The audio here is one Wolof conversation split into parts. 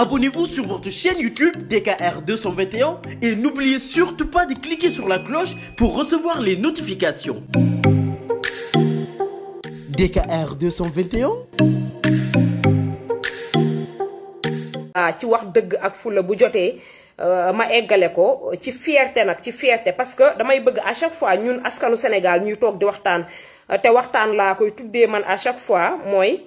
Abonnez-vous sur votre chaîne YouTube DKR 221 et n'oubliez surtout pas de cliquer sur la cloche pour recevoir les notifications. DKR 221. Ah, ci wax dëgg ak fula bu jotee euh, ma eggale ko ci fierté nag ci fierté parce que damay bëgg à chaque fois ñun askanu Sénégal ñuy toog di waxtaan te waxtaan laa koy tuddee man à chaque fois mooy.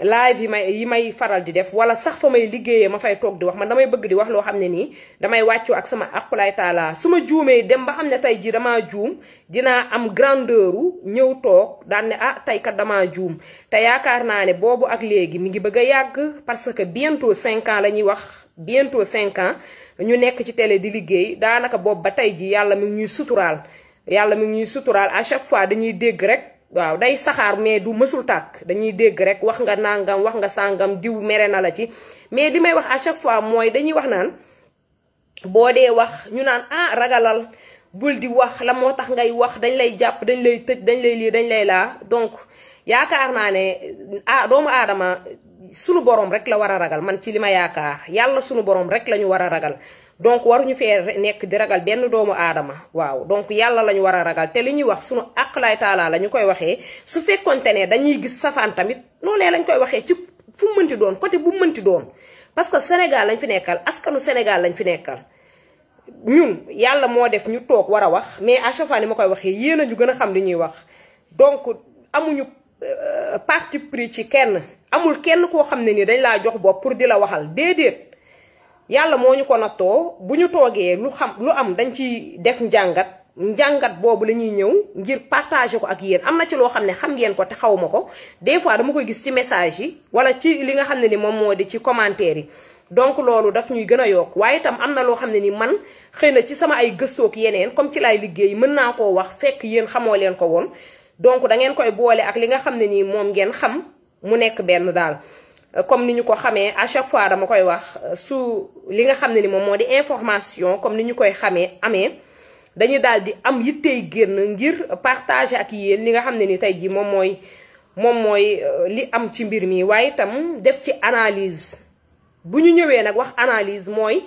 live yi may yi may faral di def wala sax fa may liggéeyee ma fay toog di wax man damay bëgg di wax loo xam ne nii damay wàccoo ak sama aqulaay taala su ma juumee dem ba xam ne tey jii damaa juum dinaa am grandeur ñëw toog daan ah tey kat damaa juum te yaakaar naa ne boobu ak léegi mi ngi bëgg a yàgg parce que bientôt cinq ans la ñuy wax bientôt cinq ans ñu nekk ci télé di liggéey daanaka boobu ba tey jii yàlla mi ngi ñuy suturaal yàlla mi ngi ñuy suturaal à chaque fois dañuy dégg rek. waaw day saxaar mais du mësul tàkk dañuy dégg rek wax nga nàngam wax nga sàngam diw mere na la ci mais li may wax à chaque fois mooy dañuy wax naan boo dee wax ñu naan ah ragalal bul di wax la moo tax ngay wax dañ lay jàpp dañ lay tëj dañ lay lii dañ lay laa donc yaakaar naa ne ah doomu aadama sunu borom rek la war a ragal man ci li ma yaakaar yàlla sunu borom rek la ñu war a ragal donc waruñu fee nekk di ragal benn doomu aadama waaw donc yàlla lañu war a ragal te li ñuy wax sunu àq taalaa la ñu koy waxee su fekkonte ne dañuy gis safaan tamit noonee lañu koy waxee ci fu mu mënti doon côté bu mu mënti doon parce que Sénégal lañ fi nekkal askanu Sénégal lañ fi nekkal ñun yàlla moo def ñu toog war a wax mais à chaque fois ma koy waxee yéen a ñu gën a xam li ñuy wax donc amuñu euh, parti pris ci kenn amul kenn koo xam ne ni dañ laa jox bopp pour di la waxal déedéet. yàlla moo ñu ko nattoo bu ñu toogee lu xam lu am dañ ci def njàngat njàngat boobu la ñuy ñëw ngir partager ko ak yéen am na ci loo xam ne xam ngeen ko te xaw ma ko des dama koy gis ci message yi wala ci li nga xam ne ni moom moo di ci commentaire yi donc loolu daf ñuy gën a yokk waaye itam am na loo xam ne nii man xëy na ci sama ay gëstook yeneen comme ci laay liggéey mën naa koo wax fekk yéen xamoo leen ko woon donc da ngeen koy boole ak li nga xam ne nii moom ngeen xam mu nekk benn daal comme ni ñu ko xamee à chaque fois dama koy wax euh, su li nga xam ne ni moom moo di information comme ni ñu koy xamee amee dañu daal di am yittey génn ngir partager ak yéen li nga xam ne ni tey jii moom mooy moom mooy euh, li am ci mbir mi waaye itam def ci analyse bu ñu ñëwee nag wax analyse mooy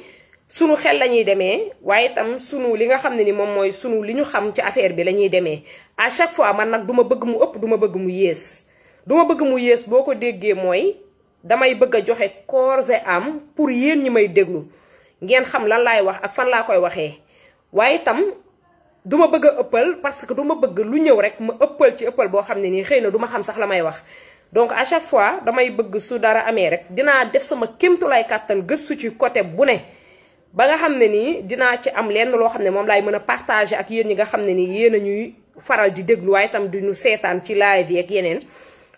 sunu xel la ñuy demee waaye itam sunu li nga xam ne ni moom mooy sunu li ñu xam ci affaire bi la ñuy demee à chaque fois man nag du ma bëgg mu ëpp du ma bëgg mu yées du bëgg mu yées boo ko déggee mooy damay bëgg a joxe corps et âme pour yéen ñi may déglu ngeen xam lan laay wax ak fan laa koy waxee waaye itam du ma bëgg a ëppal parce que du ma bëgg lu ñëw rek ma ëppal ci ëppal boo xam ne nii xëy na duma xam sax la may wax. donc à chaque fois damay bëgg su dara amee rek dinaa def sama kéemtulaay kàttan gëstu ci côté bu ne ba nga xam ne nii dinaa ci am lenn loo xam ne moom laay mën a partager ak yéen ñi nga xam ne nii yéen a ñuy faral di déglu waaye itam duñu seetaan ci live yi ak yeneen.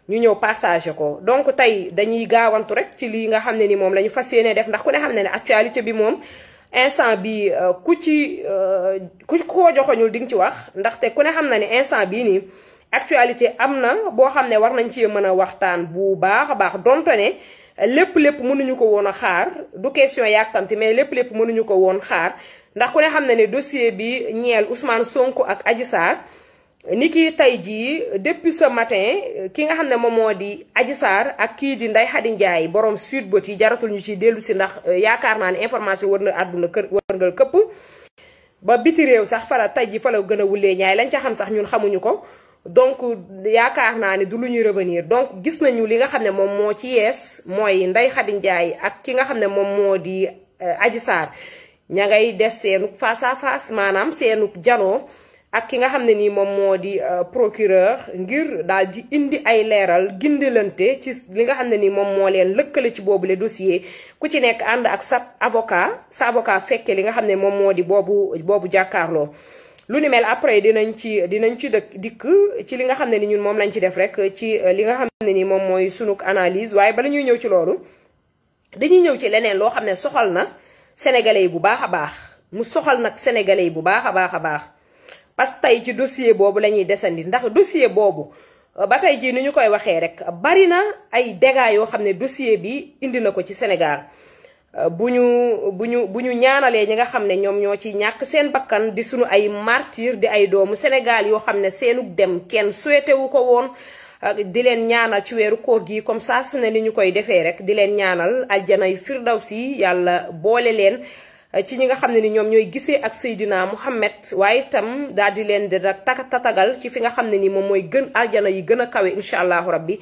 ñu ñëw partagé ko donc tey dañuy gaawantu rek ci lii nga xam ne ni moom la ñu fas yéene def ndax ku ne xam ne ne actualité bi moom instant bi euh, euh, ku ci ku ko joxoñul di nga ci wax ndaxte ku ne xam na ne instant bii nii actualité am na boo xam ne war nañ ci mën a waxtaan bu baax a baax donte ne lépp lépp mënuñu ko woon a xaar du question yàkkamti mais lépp lépp mënuñu ko woon xaar ndax ku ne xam na ne dossier bi ñeel Ousmane Sonko ak Adji Sarr ni ki tey jii depuis sa matin ki nga xam ne moom moo di Adji Sarr ak kii di Ndeye Khady Ndiaye borom Sweet Beauty jaratul ñu ci dellu si ndax euh, yaakaar naa ne information war na àdduna kër war nga këpp ba biti réew sax fala tey jii fa la gën a wulee ñaay lañ ca xam sax ñun xamuñu ko donc yaakaar naa ne du lu ñuy revenir donc gis nañu li nga xam ne moom moo ci yees mooy Ndeye Khady Ndiaye ak ki nga xam ne moom moo di euh, Adji Sarr ña ngay def seenu face à face maanaam seenu janoo ak ki nga xam ne nii moom moo di euh, procureur ngir daal di indi ay leeral gindilante ci li nga xam ne nii moom moo leen lëkkale ci boobu boobule dossier ku ci nekk ànd ak sa avocat sa avocat fekke li nga xam ne moom moo di boobu boobu jàkkaarloo. lu ni mel après dinañ ci dinañ ci dëkk dikk ci li nga xam ne ni ñun moom lañ ci def rek ci euh, li nga xam ne ni moom mooy sunuk analyse waaye bala ñuy ñëw ci loolu dañuy ñëw ci leneen loo xam ne soxal na sénégalais yi bu baax a baax mu soxal nag sénégalais yi bu baax a baax a baax. parce que tey ci dossier boobu lañuy ñuy desandi ndax dossier boobu euh, ba tey jii ni ñu koy waxee rek bari na ay dégâts yoo xam ne dossier bi indi na ko ci Sénégal euh, bu ñu bu ñu bu ñu ñaanalee ñi nga xam ne ñoom ñoo ci ñàkk seen bakkan di suñu ay martyr di ay doomu Sénégal yoo xam ne seenug dem kenn souhaité ko woon di leen ñaanal ci weeru koor gi comme saa su ni ñu koy defee rek di leen ñaanal aljanay firdaws yi yàlla boole leen ci ñi nga xam ne ni ñoom ñooy gisee ak Seydina Muhammad waaye itam daal di leen di nag tatagal ci fi nga xam ne ni moom mooy gën aljana yi gën kawe incha allahu rabbi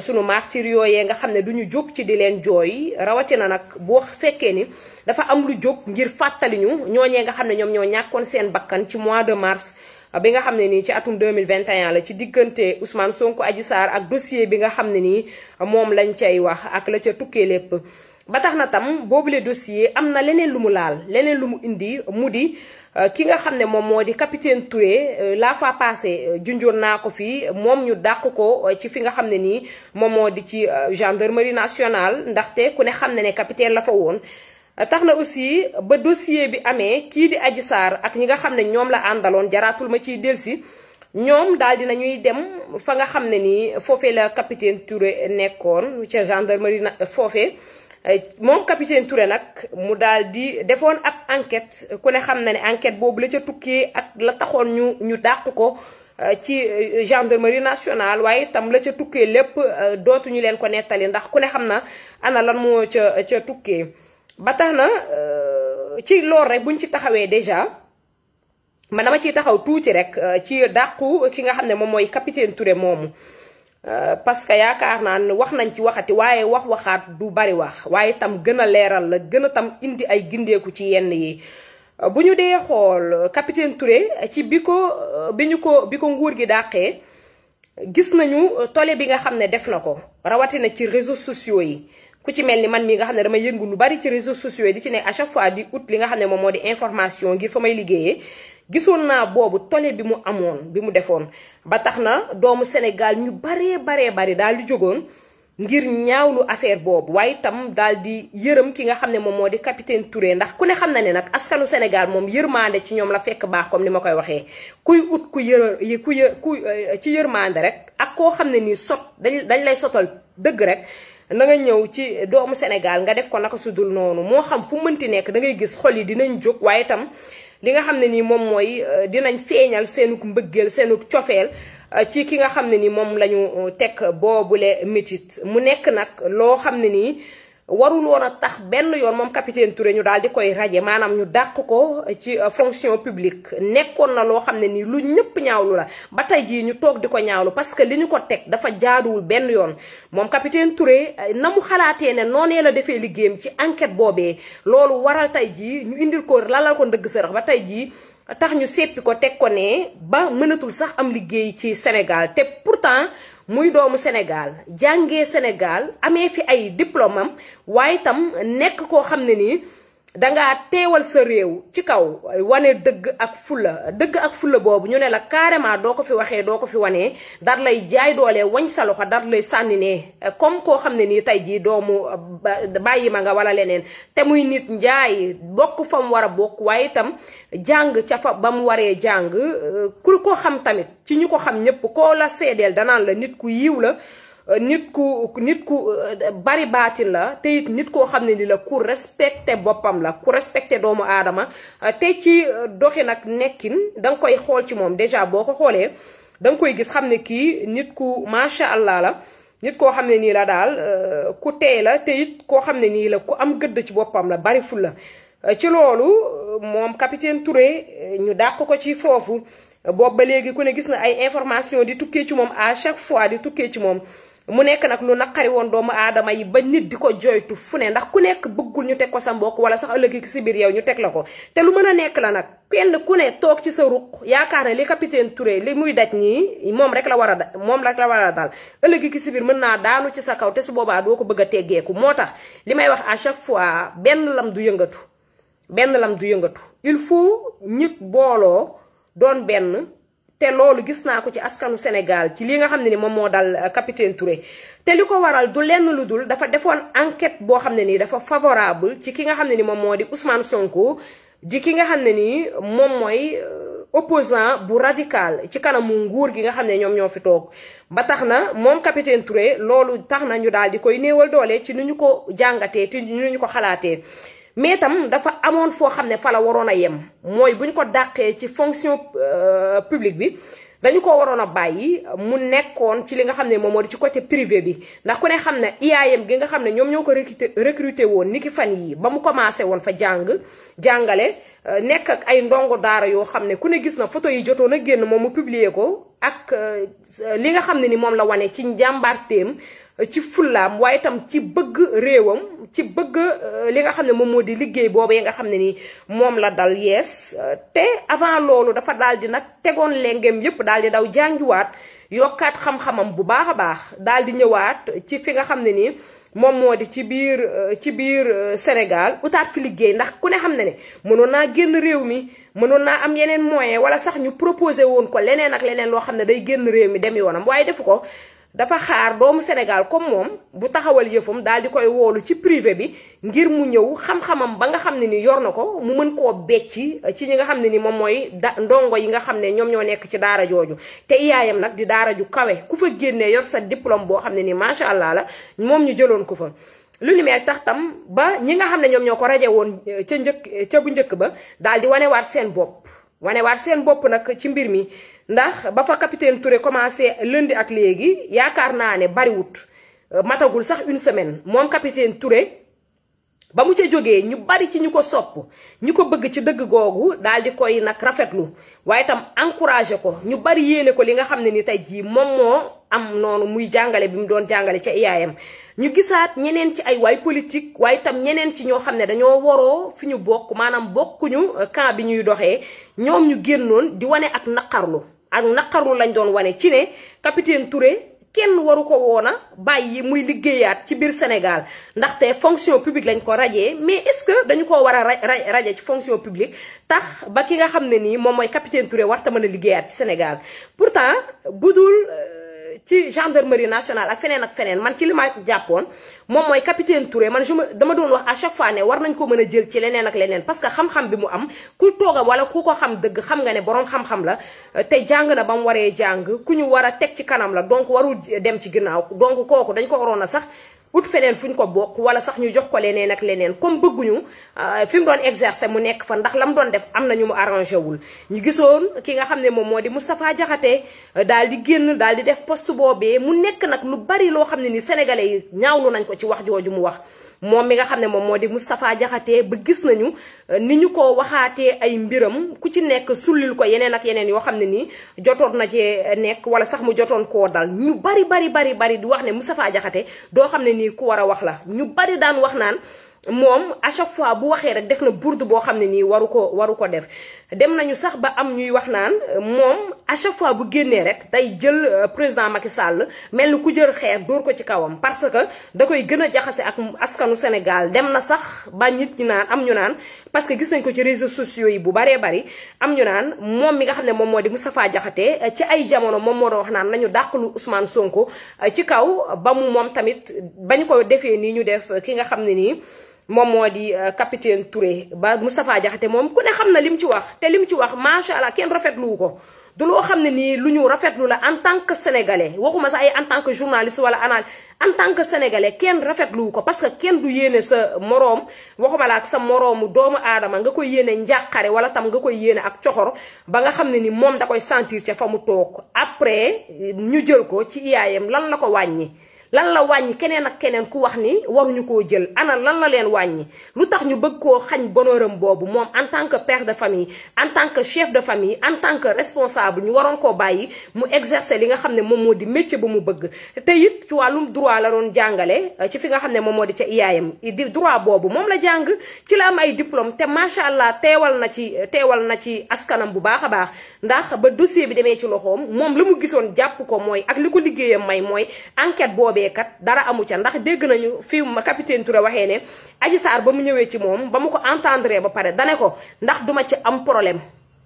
sunu martyr yooyee nga xam ne du jóg ci di leen jooy rawatina nag boo fekkee ni dafa am jóg ngir fàttali ñu ñooñee nga xam ne ñoom ñoo ñàkkoon seen bakkan ci mois de mars bi nga xam ne nii ci atum 2021 la ci diggante Ousmane Sonko Adji Sarr ak dossier bi nga xam ne nii moom lañ cay wax ak la ca tukkee lépp ba tax na tam boobule dossier am na leneen lu mu laal leneen lu mu indi mu di euh, ki nga xam ne moom moo di capitaine Touré euh, laa fa passé euh, junjoon naa ko fii moom ñu dàq ko ci fi nga xam ne nii moom moo di ci gendarmerie nationale ndaxte ku ne xam ne ne capitaine la fa woon. tax na aussi ba dossier bi amee kii di Adji Sarr ak ñi nga xam ne ñoom la àndaloon jaraatul ma ciy delsi ñoom daal di na ñuy dem fa nga xam ne nii foofee la capitaine Touré nekkoon ca gendarmerie na foofee. moom capitaine Touré nag mu daal di defoon ab enquête ku ne xam na ne enquête boobu la ca tukkee ak la taxoon ñu ñu dàq ko euh, ci euh, gendarmerie nationale waaye itam la ca tukkee lépp euh, dootuñu leen ko nettali ndax ku ne xam na ana lan moo ca ca tukkee ba tax na ci loolu rek buñ ci taxawee déjà man dama ciy taxaw tuuti rek ci dàqu ki nga xam ne moom mooy capitaine Touré moomu Euh, parce que yaakaar naa ne wax nañ ci waxati waaye wax waxaat du bari wax waaye itam gën a leeral la gën a tam indi ay gindeeku ci yenn yi euh, bu ñu dee xool euh, capitaine Touré ci bi ko bi ñu ko bi ko nguur gi dàqee gis nañu tole bi nga xam ne def na ko rawatina ci réseaux sociaux yi ku ci mel ni man mii nga xam ne damay yëngu lu bari ci réseaux sociaux di ci ne à fois di ut li nga xam ne moom moo di information ngir fa may liggéeyee gisoon naa boobu tole bi mu amoon bi mu defoon ba tax na doomu Sénégal ñu baree baree bari daal di jógoon ngir ñaawlu affaire boobu waaye itam daal di yërëm ki nga xam ne moom moo di capitaine Touré ndax ku ne xam na ne nag askanu Sénégal moom yërmande ci ñoom la fekk baax comme ni ma koy waxee kuy ut ku yër ku yë ku ci yërmande rek ak koo xam ne nii sot dañ dañ lay sotal dëgg rek na nga ñëw ci doomu Sénégal nga def ko naka su dul noonu moo xam fu mënti nekk da ngay gis xol yi dinañ jóg waaye itam li nga xam ne nii moom mooy euh, dinañ feeñal seenuk mbëggeel seenuk cofeel euh, ci ki nga xam ne ni moom la ñu euh, teg boobule métit mu nekk nag loo xam ne nii warul a tax benn yoon moom capitaine Touré ñu daal di koy raje maanaam ñu dàq ko ci euh, fonction publique nekkoon na loo xam ne nii lu ñëpp ñaawlu la ba tey jii ñu toog di ko ñaawlu parce que li ñu ko teg dafa jaaduwul benn yoon moom capitaine Touré euh, na mu xalaatee ne noonee la defee liggéeyam ci enquête boobee loolu waral tey jii ñu indil ko lalal ko ndëgg sërëx ba tey jii tax ñu seppi ko teg ko ne ba mënatul sax am liggéey ci Sénégal te pourtant muy doomu Sénégal jànge Sénégal amee fi ay diplôme waaye itam nekk koo xam ne nii dangaa teewal sa réew ci kaw wane dëgg ak fulla dëgg ak fulla boobu ñu ne la carrément doo ko fi waxee doo ko fi wanee dar lay jaay doole wañ sa loxo dar lay sànni ne eh, comme koo xam ne nii tey jii doomu bàyyi ma nga wala leneen te muy nit njaay bokk fa mu war a bokk waaye itam jàng ca fa ba mu waree jàng eh, ku ko xam tamit ci ñu ko xam ñëpp koo la seedeel danaan la nit ku yiw la nit ku nit ku bari baatin la te it nit koo xam ne ni la ku respecté boppam la ku respecté doomu aadama tey ci doxin ak nekkin da nga koy xool ci moom déjà boo ko xoolee da nga koy gis xam ne kii nit ku macha allah la nit koo xam ne nii la daal euh, ku teey la te it koo xam ne nii la ku am gëdd ci boppam la bari ful la ci loolu moom capitaine Touré ñu dàq ko ci foofu boobu ba léegi ku ne gis na ay information di tukkee ci moom à chaque fois di tukkee ci moom mu nekk nag lu naqari woon doomu aadama yi ba nit di ko jooytu fu ne ndax ku nekk bëggul ñu teg ko sa mbokk wala sax ëllëg si biir yow ñu teg la ko te lu mën a nekk la nag kenn ku ne toog ci sa ruq yaakaar ne li capitaine li muy daj nii moom rek la war a moom rek la war a dal ëllëg ki si biir mën naa daalu ci sa kaw te su boobaa doo ko bëgg a teggeeku moo tax li may wax à chaque fois benn lam du yëngatu benn lam du yëngatu il faut ñit booloo doon benn te loolu gis naa ko ci askanu Sénégal ci li nga xam ne ni moom moo dal euh, capitaine Touré te li ko waral du lenn lu dul dafa defoon enquête boo xam ne nii dafa favorable ci ki nga xam ne ni moom moo di Ousmane Sonko ji ki nga xam ne ni moom mooy euh, opposant bu radical ci kanamu nguur gi nga xam ne ñoom ñoo fi toog ba tax na moom capitaine Touré loolu tax na ñu daal di koy néewal doole ci nu ñu ko jàngatee ci ni ñu ko xalaatee. mais tam dafa amoon foo xam ne fa la waroon a yem mooy bu ñu ko dàqee ci fonction euh, publique bi dañu ko waroon a bàyyi mu nekkoon ci li nga xam ne moom moo di ci côté privé bi ndax ku ne xam ne IAM gi nga xam ne ñoom ñoo ko recruter recruter woon ni ki fan yii ba mu commencé woon fa jàng jàngale euh, nekk ay ndongo daara yoo xam ne ku ne gis na photo yi jotoon a génn moom mu publier ko ak euh, li nga xam ne ni moom la wane ci njàmbaarteem ci fullaam waaye itam ci bëgg réewam. ci bëgg euh, li nga xam ne moom moo di liggéey yi nga xam ne nii moom la dal yees euh, te avant loolu dafa daal di nag tegoon lengem yépp daal di daw jàngiwaat yokkaat xam-xamam bu baax a baax daal di ñëwaat ci fi nga xam ne nii moom moo di ci biir euh, ci biir Sénégal utaat fi liggéey ndax ku ne xam ne ne mënoon naa génn réew mi mënoon naa am yeneen moyen wala sax ñu proposé woon ko leneen ak leneen loo xam ne day génn réew mi dem yoonam waaye defu ko dafa xaar doomu Sénégal comme moom bu taxawal yëfam daal di koy woolu ci privé bi ngir mu ñëw xam-xamam ba nga xam ne ni yor na ko mu mën koo becci ci ñi nga xam ne ni moom mooy da ndongo yi nga xam ne ñoom ñoo nekk ci daara jooju te iyaayam nag di daara ju kawe ku fa génnee yor sa diplôme boo xam ne ni macha allah la moom ñu jëloon ko fa lu ni mel tax tam ba ñi nga xam ne ñoom ñoo ko raje woon e, ca njëkk e, ca bu njëkk ba daal di wanewaat seen bopp wanewaat seen bopp nag ci mbir mi ndax ba fa capitaine Touré commencé lundi ak léegi yaakaar naa ne bariwut euh, matagul sax une semaine moom capitaine Touré ba mu ca jógee ñu bari ci ñu ko sopp ñu ko bëgg ci dëgg googu daal di koy nag rafetlu waaye itam encouragé ko ñu bari yéene ko li nga xam ne ni tey jii moom moo am noonu muy jàngale bi mu doon jàngale ca IAM. ñu gisaat ñeneen ci ay waay politique waaye itam ñeneen ci ñoo xam ne dañoo waroo fi ñu bokk maanaam bokkuñu euh, camp bi ñuy doxee ñoom ñu génnoon di wane ak naqarlu ak naqarlu lañ doon wane ci ne capitaine Touré kenn waru ko woon a bàyyi muy liggéeyaat ci biir Sénégal ndaxte fonction publique lañ ko rajee mais est-ce que dañu ko war a raje ci fonction publique tax ba ki nga xam ne nii moom mooy capitaine Touré war ta mën a liggéeyaat ci Sénégal pourtant budul. Euh, ci gendarmerie nationale ak feneen ak feneen man ci limaa jàppoon moom mooy capitaine Touré man je ma dama doon wax à chaque fois ne war nañ ko mën a jël ci leneen ak leneen parce que xam-xam bi mu am ku tooga wala ku ko xam dëgg xam nga ne boroom xam-xam la te jàng na ba mu waree jàng ku ñu war a teg ci kanam la donc warul dem ci ginnaaw donc kooku dañ ko waroon a sax wut feneen fu ñu ko bokk wala sax ñu jox ko leneen ak leneen comme bëgguñu euh, fi mu doon exercer mu nekk fa ndax la mu doon def am na ñu mu arrangé wul. ñu gisoon ki nga xam ne moom moo di Moustapha Diakhaté euh, daal di génn daal di def poste boobee mu nekk nag lu bari loo xam ne ni sénégalais yi ñaawlu nañ ko ci wax jooju mu wax. moom mi nga xam ne moom moo di Moustapha Diakhaté ba gis nañu euh, ni ñu ko waxaatee ay mbiram ku ci nekk sullil ko yeneen ak yeneen yoo xam ne nii jotoon na cee nekk wala sax mu jotoon koo dal ñu bari bari bari bari di wax ne Moustapha Diakhaté doo xam ne nii ku war a wax la ñu bari daan wax naan moom à chaque fois bu waxee rek def na bourde boo xam ne nii waru ko waru ko def dem nañu sax ba am ñuy wax naan euh, moom à chaque fois bu génnee rek day jël euh, président Macky sàll mel ni ku jël xeer dóor ko ci kawam parce que da koy gën a jaxase ak askanu Sénégal dem na sax ba nit naan am ñu naan parce que gis nañ ko ci réseau sociaux yi bu baree bari am ñu naan moom mi nga xam ne moom moo di Moustapha Diakhaté euh, ci ay jamono moom moo doon wax naan nañu dàqalu Ousmane Sonko ci kaw ba mu moom tamit bañ ko defee nii ñu def ki nga xam ne nii moom moo di euh, capitaine Touré ba Moustapha Diakhaté moom ku ne xam na lim ci wax te lim ci wax macha allah kenn rafetlu ko du loo xam ne nii lu ñu rafetlu la en tant que sénégalais waxuma sa ay en tant que journaliste wala anal en tant que sénégalais kenn rafetlu ko parce que kenn du yéene sa moroom waxuma la ak sa moroomu doomu aadama nga koy yéene njàqare wala tam nga koy yéene ak coxor ba nga xam ne ni moom da koy sentir ca fa mu toog après ñu jël ko ci IAM lan la ko wàññi. lan la wàññi keneen ak keneen ku wax ni waruñu koo jël ana lan la leen wàññi lu tax ñu bëgg koo xañ bonheuram boobu moom en tant que père de famille en tant que chef de famille en tant que responsable ñu waroon koo bàyyi mu exercer li nga xam ne moom moo di métier ba mu bëgg te it ci wàllum droit la doon jàngale ci fi nga xam ne moom moo di ca IAM di droit boobu moom la jàng ci la am ay diplôme te macha allah teewal na ci teewal na ci askanam bu baax a baax ndax ba dossier bi demee ci loxoom moom la mu gisoon jàpp ko mooy ak li ko liggéeyam may mooy enquête boobee waaye kat dara amu ca ndax dégg nañu fi ma capitaine Touré waxee ne Adji Sarr ba mu ñëwee ci moom ba mu ko entendre ba pare dane ko ndax duma ci am problème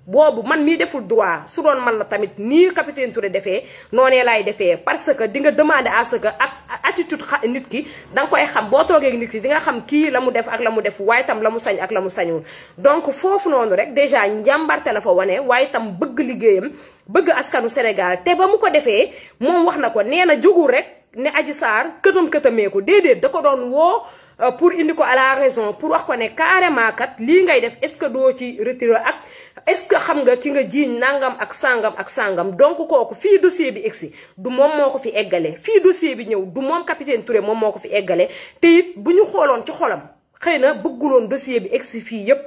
boobu man mii deful droit su doon man la tamit nii capitaine Touré defee noonee laay defee parce que di nga demander à que ak attitude nit ki danga nga koy xam boo toogee nit ki di nga xam kii la mu def ak la mu def waaye tam la mu sañ ak la mu sañul. donc foofu noonu rek déjà njàmbarte la fa wane waaye tam bëgg liggéeyam bëgg askanu Sénégal te ba mu ko defee moom wax na ko nee na jógul rek. ne Adji Sarr këtam këtameeku déedéet da ko doon woo euh, pour indi ko à la raison pour wax ko ne carrément kat lii ngay def est-ce que doo ci retiré ak est-ce que xam nga ki nga jiiñ nangam ak sàngam ak sangam donc kooku fii dossier bi egsi du moom moo ko fi eggale fii dossier bi ñëw du moom capitaine Touré moom moo ko fi eggale te bu ñu xooloon ci xoolam xëy na bëgguloon dossier bi egsi fii yépp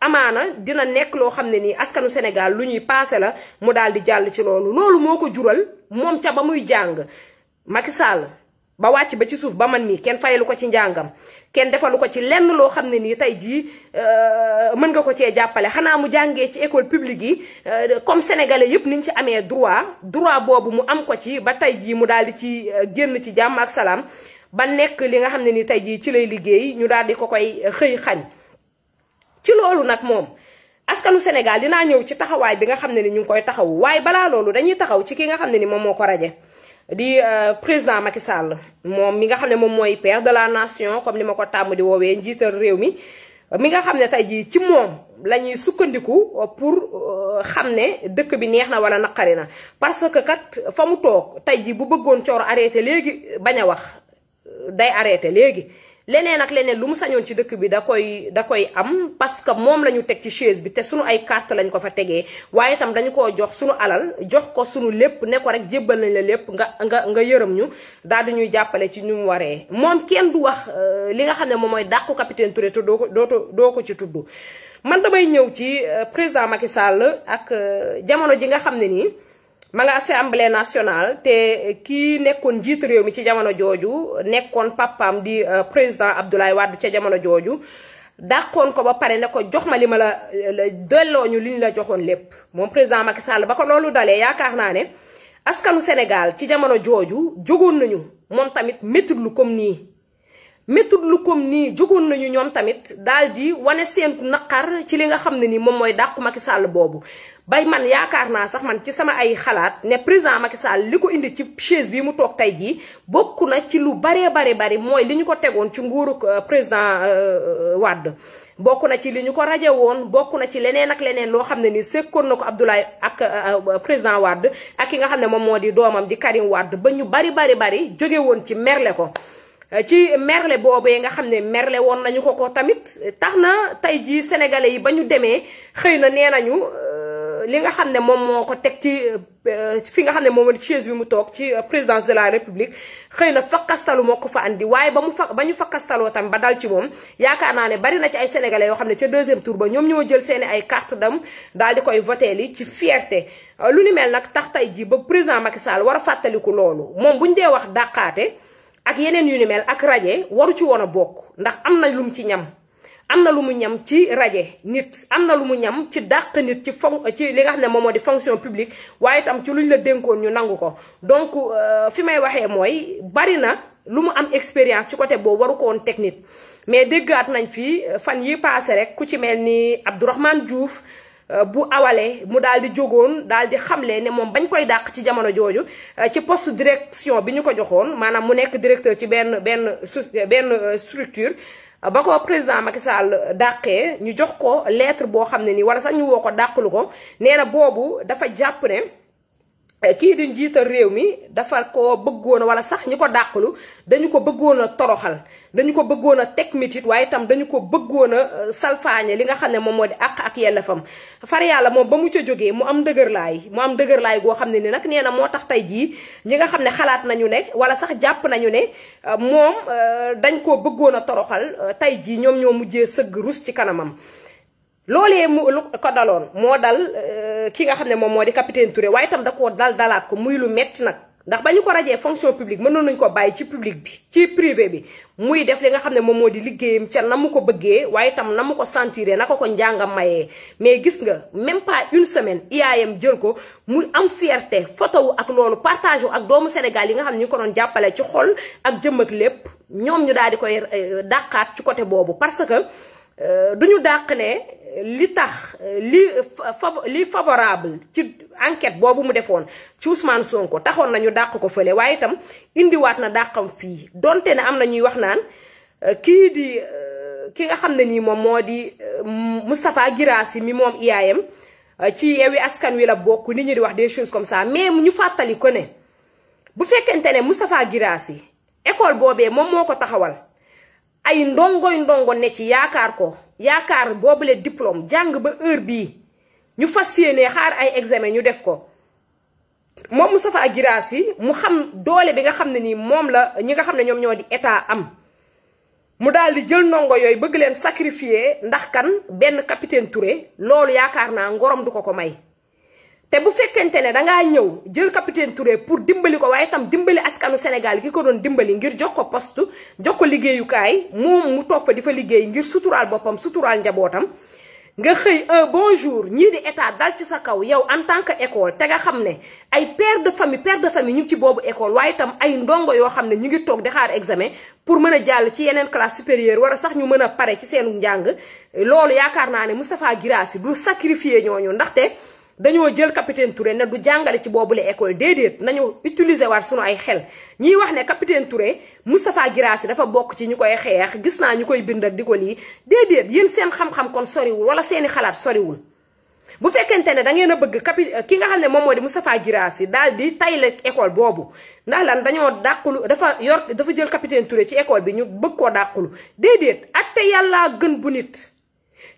amaana dina nekk loo xam ne nii askanu Sénégal lu ñuy passé la mu daal di jàll ci loolu loolu moo ko jural moom ca ba muy jàng Macky Sall ba wàcc ba ci suuf ba man nii kenn fayalu ko ci njàngam kenn defalu ko ci lenn loo xam ne nii tey jii euh, mën nga ko cee jàppale xanaa mu jàngee ci école publique yi euh, comme sénégalais yëpp ni ñu ci amee droit droit boobu mu am ko ci ba tey jii mu daal di ci euh, génn ci jàmm ak salaam ba nekk li nga xam ne nii tey jii ci lay liggéey ñu daal di ko koy xëy xañ ci loolu nag moom. askanu Sénégal dinaa ñëw ci taxawaay bi nga xam ne ni ñu ngi koy taxaw waaye balaa loolu dañuy taxaw ci ki nga xam ne ni moom moo ko raje di euh, président Macky Sall moom mi nga xam ne moom mooy père de la nation comme ni ma ko tàmm di woowee njiital réew mi mi nga xam ne tey jii ci moom la ñuy sukkandiku pour euh, xam ne dëkk bi neex na wala naqari na parce que kat fa mu toog tey jii bu bëggoon coor arrêté léegi bañ a wax day arrêté léegi leneen ak leneen lu mu sañoon ci dëkk bi da koy da koy am parce que moom la ñu teg ci chaise bi te suñu ay carte lañ ko fa tegee waaye itam dañu ko jox suñu alal jox ko suñu lépp ne ko rek jébbal nañ la lépp nga nga nga yërëm ñu daal di ñuy jàppale ci ñu mu waree moom kenn du wax euh, li nga xam ne moom mooy dàqu capitaine Touré doo ko doo ko ci tudd man damay ñëw ci euh, président Macky Sall ak euh, jamono ji nga xam ne nii ma nga assemblée nationale te kii nekkoon njiitu réew mi ci jamono jooju nekkoon papaam di euh, président Abdoulaye waddu ca jamono jooju dàqoon ko ba pare ne ko jox ma li ma la delloo ñu li ñu la joxoon lépp moom président Macky Sall ba ko loolu dalee yaakaar naa ne askanu Sénégal ci jamono jooju jógoon nañu moom tamit métti lu comme nii. métti lu comme nii jógoon nañu ñoom tamit daal di wane seen naqar ci li nga xam ne nii moom mooy dàqu Macky Sall boobu bay man yaakaar naa sax man ci sama ay xalaat ne président Macky Sall li ko indi ci chaise bi mu toog tey jii bokk na ci lu baree bari bari mooy li ñu ko tegoon ci nguuru euh, président euh, Wade bokk na ci li ñu ko rajo woon bokk na ci leneen ak leneen loo xam ne ni sekkoon na ko Abdoulaye ak euh, président Wade ak ki nga xam ne moom moo di doomam di Karim Wade ba ñu bari bari bari jóge woon ci merle ko ci merle boobee nga xam ne merle woon nañu ko ko tamit tax na tey jii sénégalais yi ba ñu demee xëy na nee nañu li nga xam ne moom moo ko teg ci euh, fi nga xam ne moom mooy chaise bi mu toog ci euh, présidence de la république xëy na fakkastalu moo ko fa indi waaye ba mu fa ba ñu fakkastaloo tam ba dal ci moom yaakaar naa ne bari na ci ay sénégalais yoo xam ne ca deuxième tour ba ñoom ñoo jël seeni ay carte dam daal di koy voté ci fierté euh, lu ni mel nag tax tey ji ba président Macky Sall war a fàttaliku loolu moom bu ñu dee wax dàqaate ak yeneen yu ni mel ak raje ci woon a bokk ndax am na lum ci ñam am na lu mu ñam ci raje nit am na lu mu ñam ci dàq nit ci fon ci li nga xam ne moom moo di fonction publique waaye itam ci ñu la dénkoon ñu nangu ko donc euh, fi may waxee mooy bari na lu mu am expérience ci côté boobu waru ko woon teg nit mais déggaat nañ fii euh, fan yi paase rek ku ci mel ni Abdourahmane Diouf euh, bu awale mu daal di jógoon daal di xamle ne moom bañ koy dàq ci jamono jooju ci poste direction bi ñu ko joxoon maanaam mu nekk directeur ci benn benn benn structure ba ko président Macky Sall dàqee ñu jox ko lettre boo xam ne nii wala sax ñu woo ko dàqalu ko nee na boobu dafa jàpp ne. Eh, kii di njiital réew mi dafa ko bëggoon wala sax ñi ko dàqalu dañu ko bëggoon a toroxal dañu ko bëggoon a teg mitit waaye itam dañu ko bëggoon a eh, salfaañe li nga xam ne moom moo di àq ak fam far yàlla moom ba mu ca jógee mu am dëgërlaay mu am dëgërlaay goo xam ne ni nag nee na moo tax tey jii ñi nga xam ne xalaat nañu ne wala sax jàpp nañu ne eh, moom dañ ko bëggoon a toroxal tey jii ñoom ñoo mujjee sëgg rus ci kanamam loolee mu ko daloon moo dal ki nga xam ne moom moo di capitaine Touré waaye itam da koo dal dalaat ko muy lu metti nag ndax ba ñu ko rajee fonction publique mënoon nañu ko bàyyi ci public bi ci privé bi muy def li nga xam ne moom moo di liggéeyam ca na mu ko bëggee waaye tam na mu ko sentiree na ko ko njàngam mayee mais gis nga même pas une semaine IAM jël ko muy am fierté photo wu ak loolu partage wu ak doomu Sénégal yi nga xam ne ñu ko doon jàppale ci xol ak jëm ak lépp ñoom ñu daal di koy euh, dàqaat ci côté boobu parce que Euh, du ñu dàq ne li tax li li favorable ci enquête boobu mu defoon ci Ousmane Sonko taxoon nañu dàq ko fële waaye itam indiwaat na dàqam fii donte ne am na ñuy wax naan euh, kii di euh, ki nga xam ne nii moom moo di Moustapha yi mi moom IAM ci Yewwi Askan Wi la bokk nit ñi di wax des choses comme ça mais ñu fàttali ko ne bu fekkente ne Moustapha yi école boobee moom moo ko taxawal ay ndongoy ndongo ne ci yaakaar ko yaakaar boobule diplôme jàng ba heure bii ñu fas yéenee xaar ay examen ñu def ko moom Moustapha Guirassy yi mu xam doole bi nga xam ne nii moom la ñi nga xam ne ñoom ñoo di état am mu daal di jël ndongo yooyu bëgg leen sacrifier ndax kan benn capitaine Touré loolu yaakaar naa ngorom du ko ko may te bu fekkente ne dangaa ñëw jël capitaine Touré pour dimbali ko waaye itam dimbali askanu Sénégal ki ko doon dimbali ngir jox ko poste jox ko liggéeyukaay moom mu toog fa di fa liggéey ngir suturaal boppam suturaal njabootam. nga xëy un bon jour ñii di état dal ci sa kaw yow en tant que école te nga xam ne ay père de famille père de famille ñu ci boobu école waaye itam ay ndongo yoo xam ne ñu ngi toog di xaar examen pour mën a jàll ci yeneen classe supérieure wala sax ñu mën a pare ci seen njàng. loolu yaakaar naa ne Moustapha Guirassy du sacrifier ñooñu ndaxte. dañoo jël capitaine Touré ne du jàngale ci boobu boobule école déedéet nañu utiliser waat sunu ay xel ñiy wax ne capitaine Touré Moustapha Guirassy dafa bokk ci ñu koy xeex gis naa ñu koy bind ak di ko lii déedéet yéen seen xam-xam kon soriwul wala seeni xalaat soriwul. bu fekkente ne da ngeen a bëgg capi ki nga xam ne moom moo di Moustapha Guirassy daal di tayle école boobu ndax lan dañoo dàqulu dafa yor dafa jël capitaine Touré ci école bi ñu bëgg koo dàqulu déedéet gën bu nit.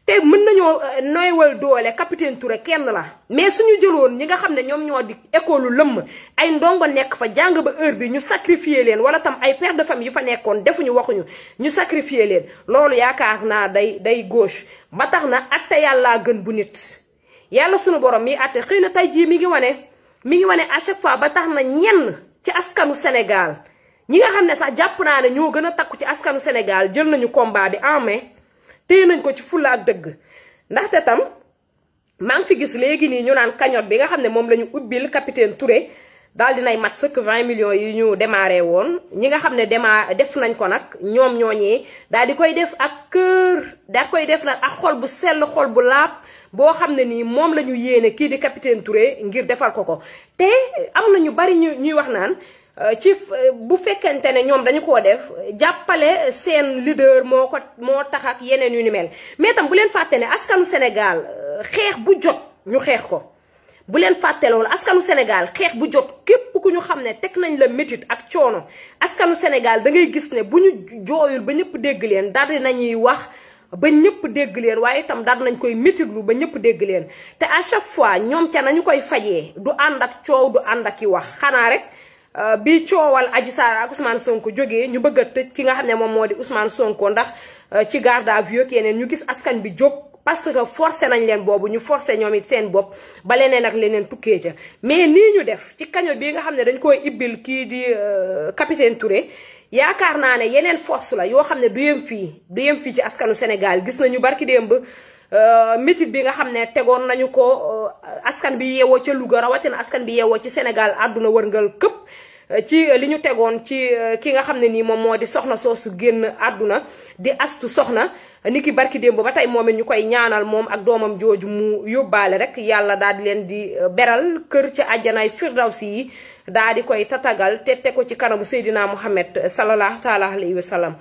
te mën nañoo euh, noywal doole capitaine Touré kenn la mais suñu jëloon ñi nga xam ne ñoom ñoo di école lëmm ay ndongo nekk fa jàng ba heure bi ñu sacrifier leen wala tam ay père de famille yu fa nekkoon defuñu waxuñu ñu sacrifier leen loolu yaakaar naa day day gauche ba tax na atte yàlla gën bu nit yàlla suñu borom mi atte xëy na tey jii mi ngi wane mi ngi wane à chaque fois ba tax na ñenn ci askanu Sénégal ñi nga xam ne sax jàpp naa ne ñoo gën a takku ci askanu Sénégal jël nañu combat bi en téye nañ ko ci fulla ak dëgg ndaxte tam maa ngi fi gis léegi nii ñu naan cagnotte bi nga xam ne moom la ñu ubbil capitaine Touré daal di nay mat sëkk 20 millions yi ñu démarré woon ñi nga xam ne demaa def nañ ko nag ñoom ñooñee daal di koy def ak kër daal koy def nag ak xol bu sell xol bu laab boo xam ne nii moom la ñu yéene kii di capitaine Touré ngir defal ko ko te am na ñu bari ñu ñuy wax naan. Euh, ci euh, bu fekkente ne ñoom dañu ko def jàppale seen leader moo ko moo tax ak yeneen yu ni mel mais tam bu leen fàtte ne askanu Sénégal euh, xeex bu jot ñu xeex ko bu leen fàtte loolu askanu Sénégal xeex bu jot képp ku ñu xam ne teg nañ la métit ak coono askanu Sénégal da ngay gis ne bu ñu jooyul ba ñëpp dégg leen daldi nañuy wax ba ñëpp dégg leen waaye itam dara nañ koy métitlu ba ñëpp dégg leen te à chaque fois ñoom ca nañu koy fajee du ànd ak coow du ànd ak i wax xanaa rek Euh, bi coowal Adji Sarr ak Ousmane Sonko jógee ñu bëgg a tëj ki nga xam ne moom moo di Ousmane sonkoo ndax euh, ci garde à vue ak yeneen ñu gis askan bi jóg parce que forcé nañ leen boobu ñu forcé ñoom it seen bopp ba leneen ak leneen tukkee ca mais nii ñu def ci kaño bi nga xam ne dañ koy ibbil kii di euh, capitaine Touré yaakaar naa ne yeneen force la yoo xam ne du yem fii du yem fii ci askanu Sénégal gis nañu barki démb Euh, métit bi nga xam ne tegoon nañu ko euh, askan bi yeewoo ca Louga rawatina askan bi yeewoo ci Sénégal àdduna wërngal këpp euh, ci li ñu tegoon ci ki nga xam ne nii moom moo di soxna su génn àdduna di astu soxna ni ki barki démb ba tey moom ñu koy ñaanal moom ak doomam jooju mu yóbbaale rek yàlla daal di leen di beral kër ca àjjanaay firdawsi yi daal di koy tatagal te te ko ci kanamu Seydina Muhammad sallallahu taala alayhi wa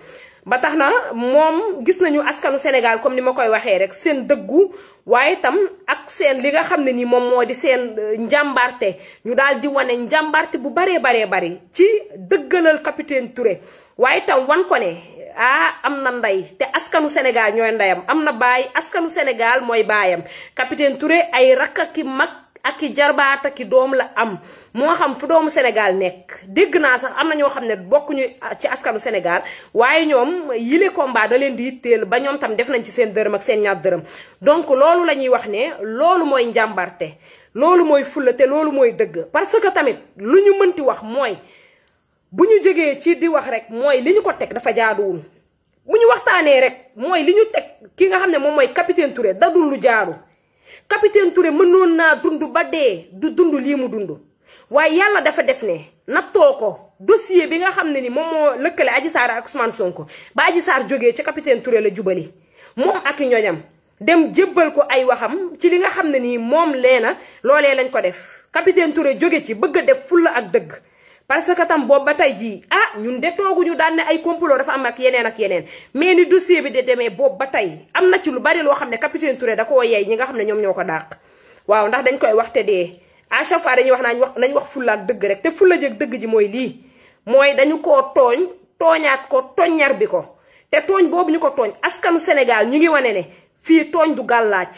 ba tax na moom gis nañu askanu Sénégal comme ni ma koy waxee rek seen dëggu waaye tam ak seen li nga xam ne nii moom moo di seen euh, njàmbarte ñu daal di wane njàmbarte bu baree baree bari ci dëggalal capitaine Touré waaye tam wan ko ne ah am na ndey te askanu Sénégal ñooy ndeyam am na baay askanu Sénégal mooy baayam capitaine Touré ay rakk ki mag. ak ki jarbaat ak i doom la am moo xam fu doomu Sénégal nekk dégg naa sax am na ñoo xam ne bokkuñu ci askanu Sénégal waaye ñoom yile combat da leen di yitteel ba ñoom tam def nañ ci seen dërëm ak seen ñaar dërëm donc loolu la ñuy wax ne loolu mooy njàmbarte loolu mooy fulla te loolu mooy dëgg parce que tamit lu ñu mënti wax mooy bu ñu jógee ci di wax rek mooy li ñu ko teg dafa jaaduwul bu ñu waxtaanee rek mooy li ñu teg ki nga xam ne moom mooy capitaine Touré dadul lu jaaru capitaine Touré mënoon naa dund ba dee du dund lii mu dund waaye yàlla dafa def ne nattoo ko dossier bi nga xam ne ni moom moo lëkkale Adji Sarr ak Ousmane Sonko ba Adji Sarr jógee ca capitaine ture la jubali moom ak ñoñam dem jébbal ko ay waxam ci li nga xam ne nii moom lee na loolee lañ ko def capitaine Touré jóge ci bëgg a def fulla ak dëgg parce que tam boobu ba tey jii ah ñun de daan ay complot dafa am ak yeneen ak yeneen mais ni dossier bi de demee boobu ba tey am na ci lu bari loo xam ne capitaine Touré da koo yey ñi nga xam ne ñoom ñoo ko dàq waaw ndax dañ koy wax te dee à chaque fois wax naañ wax nañ wax fulla ak dëgg rek te fulla jëg dëgg ji mooy lii mooy dañu koo tooñ tooñaat ko toññar bi ko te tooñ boobu ñu ko tooñ askanu Sénégal ñu ngi wane ne fii tooñ du gàllaaj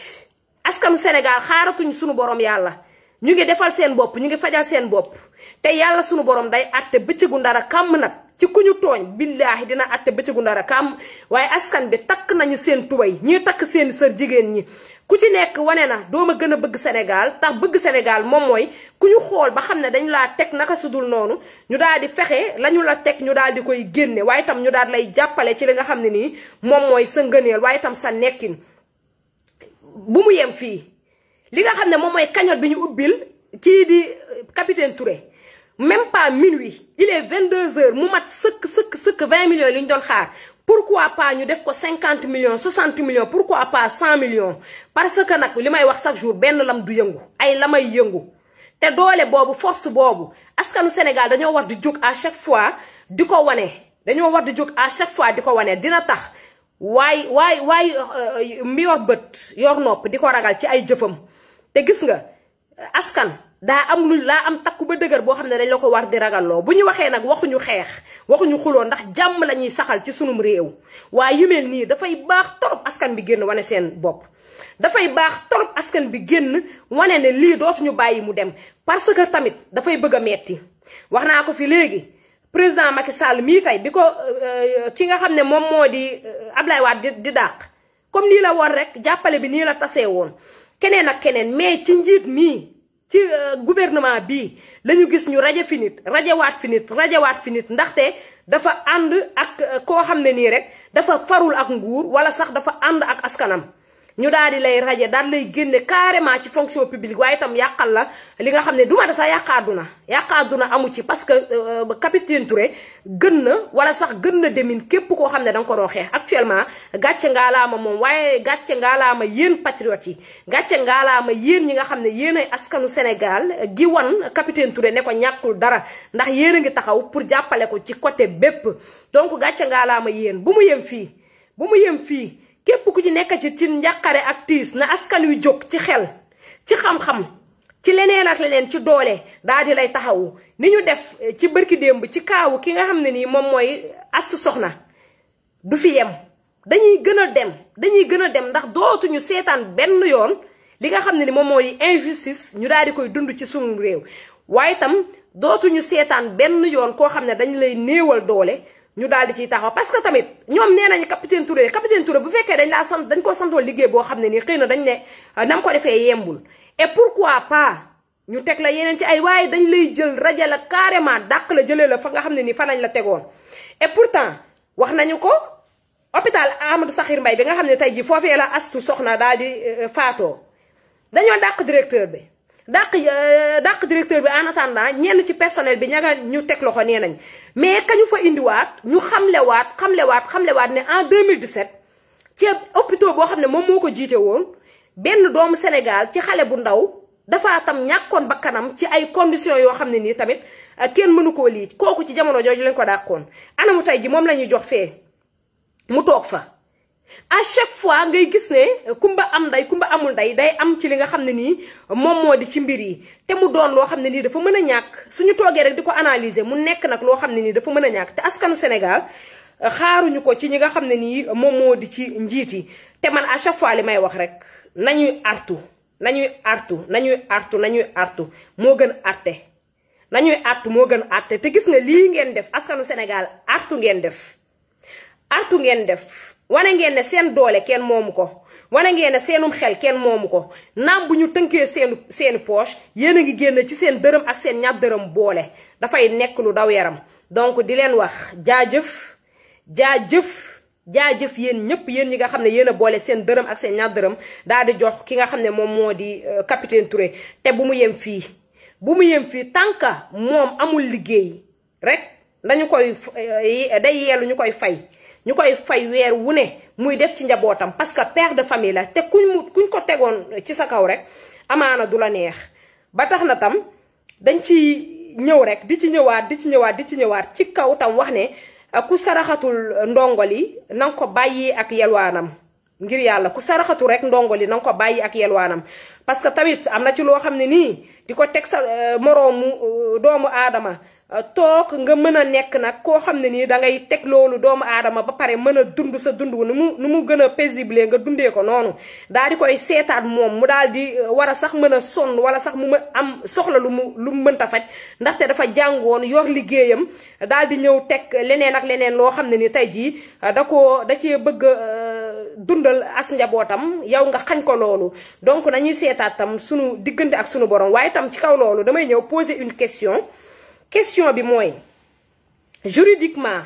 askanu Sénégal xaaratuñ suñu borom yàlla ñu ngi defal seen bopp ñu ngi fajal seen bopp te yàlla sunu borom day àtte bëccëgu ndara kàmm nag ci ku ñu tooñ billaahi dina àtte bëccëgu ndara kàmm waaye askan bi takk nañu seen tubéy ñii takk seen sër jigéen ñi ku ci nekk wane na doom a gën a bëgg Sénégal tax bëgg Sénégal moom mooy ku ñu xool ba xam ne dañu laa teg naka sudul noonu ñu daal di fexe la ñu la teg ñu daal di koy génne waaye itam ñu daal lay jàppale ci li nga xam ne nii moom mooy sa ngëneel itam sa nekkin bu mu fii li nga xam ne moom mooy cagnotte bi ñu ubbil kii di euh, capitaine Touré même pas minuit il est deux h mu mat sëkk sëkk sëkk vingt millions li ñu doon xaar. pour pourquoi pas ñu def ko 50 millions 60 millions pourquoi pas 100 millions parce que nag li may wax chaque jour benn lam du yëngu ay lamay yëngu te doole boobu force boobu askanu Sénégal dañoo war di jóg à chaque fois di ko wane dañoo war di jóg à chaque fois di ko wane dina tax waay waay waay euh, euh, mi yor bët yor nopp di ko ragal ci ay jëfam. te gis nga askan daa am lu laa am takku ba dëgër boo xam ne dañ la ko war di ragaloo bu ñu waxee nag waxuñu xeex waxuñu xuloo ndax jàmm la ñuy saxal ci sunum réew waaye yu mel nii dafay baax torop askan bi génn wane seen bopp dafay baax torop askan bi génn wane ne lii dootuñu bàyyi mu dem parce que tamit dafay bëgg a metti wax naa ko fi léegi président Macky Sall mii tey bi ko euh, ki nga xam ne moom moo di euh, Ablaye Wade di dàq comme nii la woon rek jàppale bi nii la tasee woon keneen ak keneen mais ci njiit mii ci euh, gouvernement bi lañu gis ñu rajo finit nit rajawaat fi nit rajawaat fi ndaxte dafa ànd ak euh, koo xam ne nii rek dafa farul ak nguur wala sax dafa ànd ak askanam ñu daal di lay raje daal lay génne carrément ci fonction publique waaye itam yàqal la li nga xam ne du ma da sax yàq àdduna yàq àdduna amu ci parce que euh, capitaine Touré gën na wala sax gën na demin képp koo xam ne da nga ko rooxee actuellement gàcce ngaalaama moom waaye gàcce ngaalaama yéen patriotes yi gàcce ngaalaama yéen ñi nga xam ne yéen ay askanu Sénégal gi wan capitaine Touré ne ko ñàkkul dara ndax yéen a ngi taxaw pour jàppale ko ci côté bépp donc gàcce ngaalaama yéen bu mu yem fii bu mu yem fii képp ku ci nekk ci ci njàqare ak tiis na askan wi jóg ci xel ci xam-xam ci leneen ak leneen ci doole daal di lay taxawu ni ñu def eh, ci bërki démb ci kaawu ki nga xam ne nii moom mooy astu soxna du fi yem dañuy gën a dem dañuy gën a dem ndax dootuñu seetaan benn yoon li nga xam ne ni moom mooy injustice ñu daal di koy dund ci suñu réew waaye itam dootuñu seetaan benn yoon koo xam ne dañ lay néewal doole ñu daal di ciy taxaw parce que tamit ñoom nee nañu capitaine Touré capitaine Touré bu fekkee dañ laa sant dañ ko santoon liggéey boo xam ne nii xëy na dañ ne euh, nam ko defee yembul et pourquoi pas ñu teg la yeneen ci ay waaye dañ lay jël rajo la carrément dàq la jëlee la fa nga xam ne nii fa nañ la tegoon et pourtant wax nañu ko hôpital Amadou Sakhir Mbaye bi nga xam ne tey jii foofee la astu soxna daal di euh, faatoo dañoo dàq directeur bi dàq euh, dàq directeur bi en attendant ñenn ci personnel bi ña ñu teg loxo nee nañ mais kañu fa indiwaat ñu xamlewaat xamlewaat xamlewaat ni en 2017 ci hôpital boo xam ne moom moo ko jiite woon benn doomu Sénégal ci xale bu ndaw dafa tam ñàkkoon bakkanam ci ay conditions yoo xam ne nii tamit euh, kenn mënu koo lii kooku ci jamono jooju lañ ko dàqoon anamu tey ji moom la ñuy jox fee mu toog fa. a chaque fois ngay gis ne kumba am nday kumba amul nday day am ci li nga xam ne nii moom moo di ci mbir yi te mu doon loo xam ne nii dafa mën a ñàkk su ñu toogee rek di ko analyser mu nekk nag loo xam ne nii dafa mën a ñàkk te askanu Sénégal xaaruñu ko ci ñi nga xam ne nii moom moo di ci njiit yi te man à chaque fois li may wax rek nañuy artu nañuy artu nañuy artu nañuy artu moo gën àtte nañuy artu moo gën àtte te gis nga lii ngeen def askanu Sénégal artu ngeen def artu ngeen def wane ngeen ne seen doole kenn moomu ko wane ngeen ne seenum xel kenn moomu ko naam bu ñu tënkee seen seeni poche yéen a ngi génn ci seen dërëm ak seen ñaar dërëm boole dafay nekk lu daw yaram donc di leen wax jaajëf jaajëf jaajëf yéen ñëpp yéen ñi nga xam ne yéen a boole seen dërëm ak seen ñaar dërëm jox ki nga xam ne moom moo di euh, capitaine Touré te bu mu yem fii bu mu yem fii tant moom amul liggéey rek dañu koy euh, day yeelu ñu koy fay. ñu koy fay weer wu ne muy def ci njabootam parce que père de famille la te kuñ mu kuñ ko tegoon ci sa kaw rek amaana du la neex ba tax na tam dañ ci ñëw rek di ci ñëwaat di ci ñëwaat di ci ñëwaat ci kaw tam wax ne ah, ku saraxatul ndongo li na ko bàyyi ak yelwaanam ngir yàlla ku saraxatu rek ndongo li na ko bàyyi ak yelwaanam parce que tamit am na ci loo xam ne nii di ko teg sa eh, moroomu eh, doomu aadama toog nga mën a nekk nag koo xam ne nii da ngay teg loolu doomu aadama ba pare mën a dund sa dund nu mu nu mu gën a paisible nga dundee ko noonu daal di koy seetaat moom mu daal di euh, war a sax mën a sonn wala sax mu am soxla lu mu lu mu mënta faj ndaxte dafa jàngoon yor liggéeyam daal di ñëw teg leneen ak leneen loo xam ne ni tey jii euh, da koo da cee bëgg euh, dundal as njabootam yow nga xañ ko loolu donc nañuy seetaat tam sunu diggante ak sunu borom waaye tam ci kaw loolu damay ñëw poser une question question bi mooy juridiquement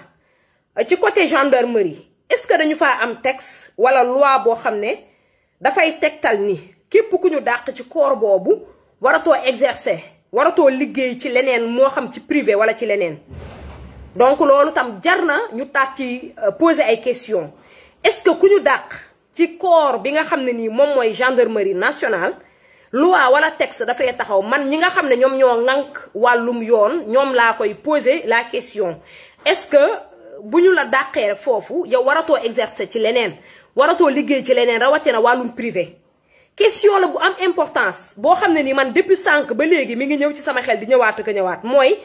ci côté gendarmerie est-ce que dañu faa am texte walla loi boo xam ne dafay tegtal ni képp ku ñu dàq ci corps boobu waratoo exercer waratoo liggéey ci leneen moo xam ci privé walla ci leneen donc loolu tam jar na ñu taat ci euh, poser ay questions est-ce que ku ñu dàq ci corps bi nga xam ne nii moom mooy gendarmerie nationale loi wala texte dafay taxaw man ñi nga xam ne ñoom ñoo ŋànk wàllum yoon ñoom laa koy poser la question est-ce que euh, bu ñu la dàqee rek foofu yow waratoo exercer ci leneen waratoo liggéey ci leneen rawatina wàllum privé. question la bu am importance boo xam ne ni man depuis sànq ba léegi mi ngi ñëw ci sama xel di ñëwaat ko ñëwaat mooy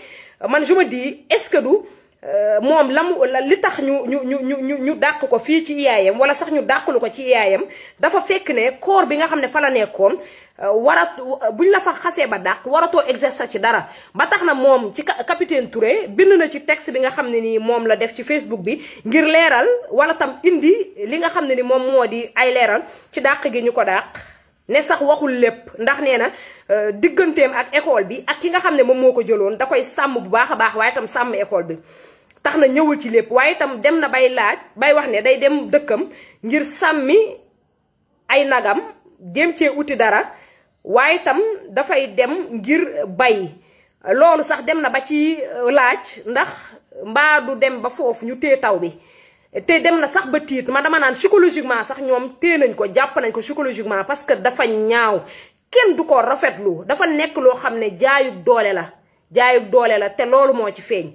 man je me est-ce que du. Euh, moom la mu li tax ñu ñu ñu ñu ñu ñu dàq ko fii ci IAM wala sax ñu dàqlu ko ci IAM dafa fekk ne koor bi nga xam ne fa la nekkoon euh, warat buñ la fa xasee ba dàq waratoo exercer ci dara ba tax na moom ci capitaine Touré bind na ci texte bi nga xam ne ni moom la def ci Facebook bi ngir leeral wala tam indi li nga xam ne ni moom moo di ay leeral ci dàq gi ñu ko dàq. ne sax waxul lépp ndax nee na euh, digganteem ak école bi ak ki nga xam ne moom moo ko jëloon da koy sàmm bu baax a baax waaye itam sàmm école bi tax na ñëwul ci lépp waaye itam dem na bay laaj bay wax ne day dem dëkkam ngir sàmmi ay nagam jéem cee wuti dara waaye itam dafay dem ngir bay loolu sax dem na ba ci euh, laaj ndax mbaa du dem ba foofu ñu téye taw bi te dem na sax ba tiit ma dama naan psychologiquement sax ñoom téye nañ ko jàpp nañ ko psychologiquement parce que dafa ñaaw kenn du ko rafetlu dafa nekk loo xam ne jaayug doole la jaayug doole la te loolu moo ci feeñ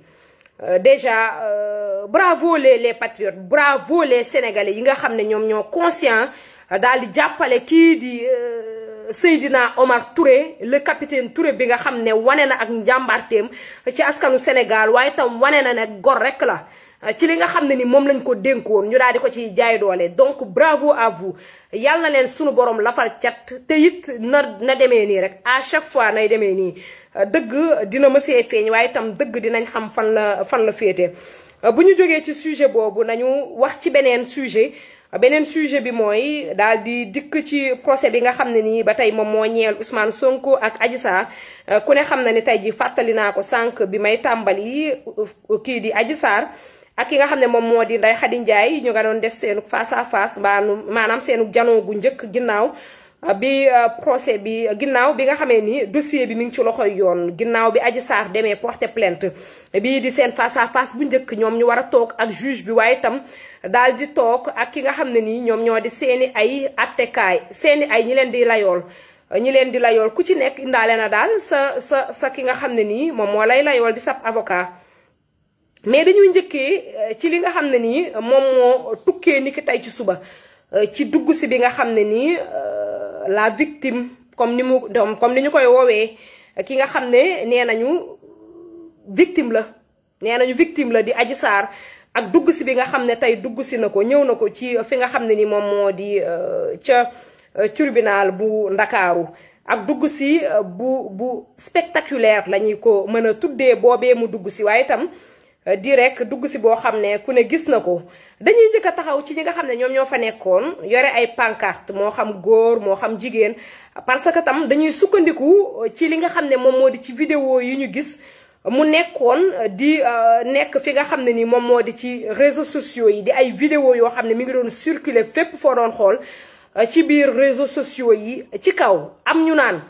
Euh, déjà euh, bravo les les patriotes bravo les sénégalais yi nga xam ne ñoom ñoo conscient euh, daal di jàppale kii di Seydina Omar Touré le capitaine Touré bi nga xam ne wane na ak njàmbaarteem ci askanu Sénégal waaye tam wane na ne gor rek la ci li nga xam ne ni moom lañ ko dénkoon ñu daal di ko ci jaay doole donc bravo à vous yàlla na leen sunu borom lafal cat te it na na demee nii rek à chaque fois nay demee nii dëgg dina ma see feeñ waaye itam dëgg dinañ xam fan la fan la féete bu ñu jógee ci sujet boobu nañu wax ci beneen sujet beneen sujet bi mooy daal di dikk ci procès bi nga xam ne nii ba tey moom moo ñeel Ousmane Sonko ak Adji Sarr ku ne xam ne ni tey ji fàttali naa ko sànq bi may tàmbali kii di Adji Sarr ak ki nga xam ne moom moo di Ndeye Khady Ndiaye ñu nga doon def seenu face à face maanaam seenu janoo gu njëkk ginnaaw Euh, bi euh, procès bi euh, ginnaaw bi nga xamee ni dossier bi mi ngi ci loxoy yoon ginnaaw bi Adji Sarr demee porter plainte bii di seen face à bu njëkk ñoom ñu war a toog ak juge bi waaye itam daal di toog ak ki nga xam ne nii ñoom ñoo di seeni ay attekaay seeni ay ñi leen di layool ñi leen di layool ku ci nekk indaale na daal sa sa sa ki nga xam ne nii moom moo lay layool di sab avocat mais dañuy njëkkee ci li nga xam ne nii moom moo tukkee ni ki tey ci suba ci dugg si bi nga xam ne nii la victime comme ni mu doom comme ni ñu koy woowee ki nga xam ne nee nañu victime la nee nañu victime la di Adji Sarr ak dugg si bi nga xam ne tey dugg si na ko ñëw na ko ci euh, fi nga xam ne ni moom moo di euh, ca euh, tribunal bu Ndakaaru ak dugg si bu bu spectaculaire la ñu ko mën a tuddee boobee mu dugg si waaye itam di rek dugg si boo xam ne ku ne gis na ko dañuy njëkk a taxaw ci ñi nga xam ne ñoom ñoo fa nekkoon yore ay pancarte moo xam góor moo xam jigéen parce que tam dañuy sukkandiku euh, ci li nga xam ne moom moo di ci vidéo yi ñu gis mu nekkoon euh, di euh, nekk fi nga xam ne ni moom moo di ci réseaux sociaux yi di ay vidéo yoo xam ne mi ngi doon circuler fépp foo doon xool ci biir réseaux yi ci kaw am ñu naan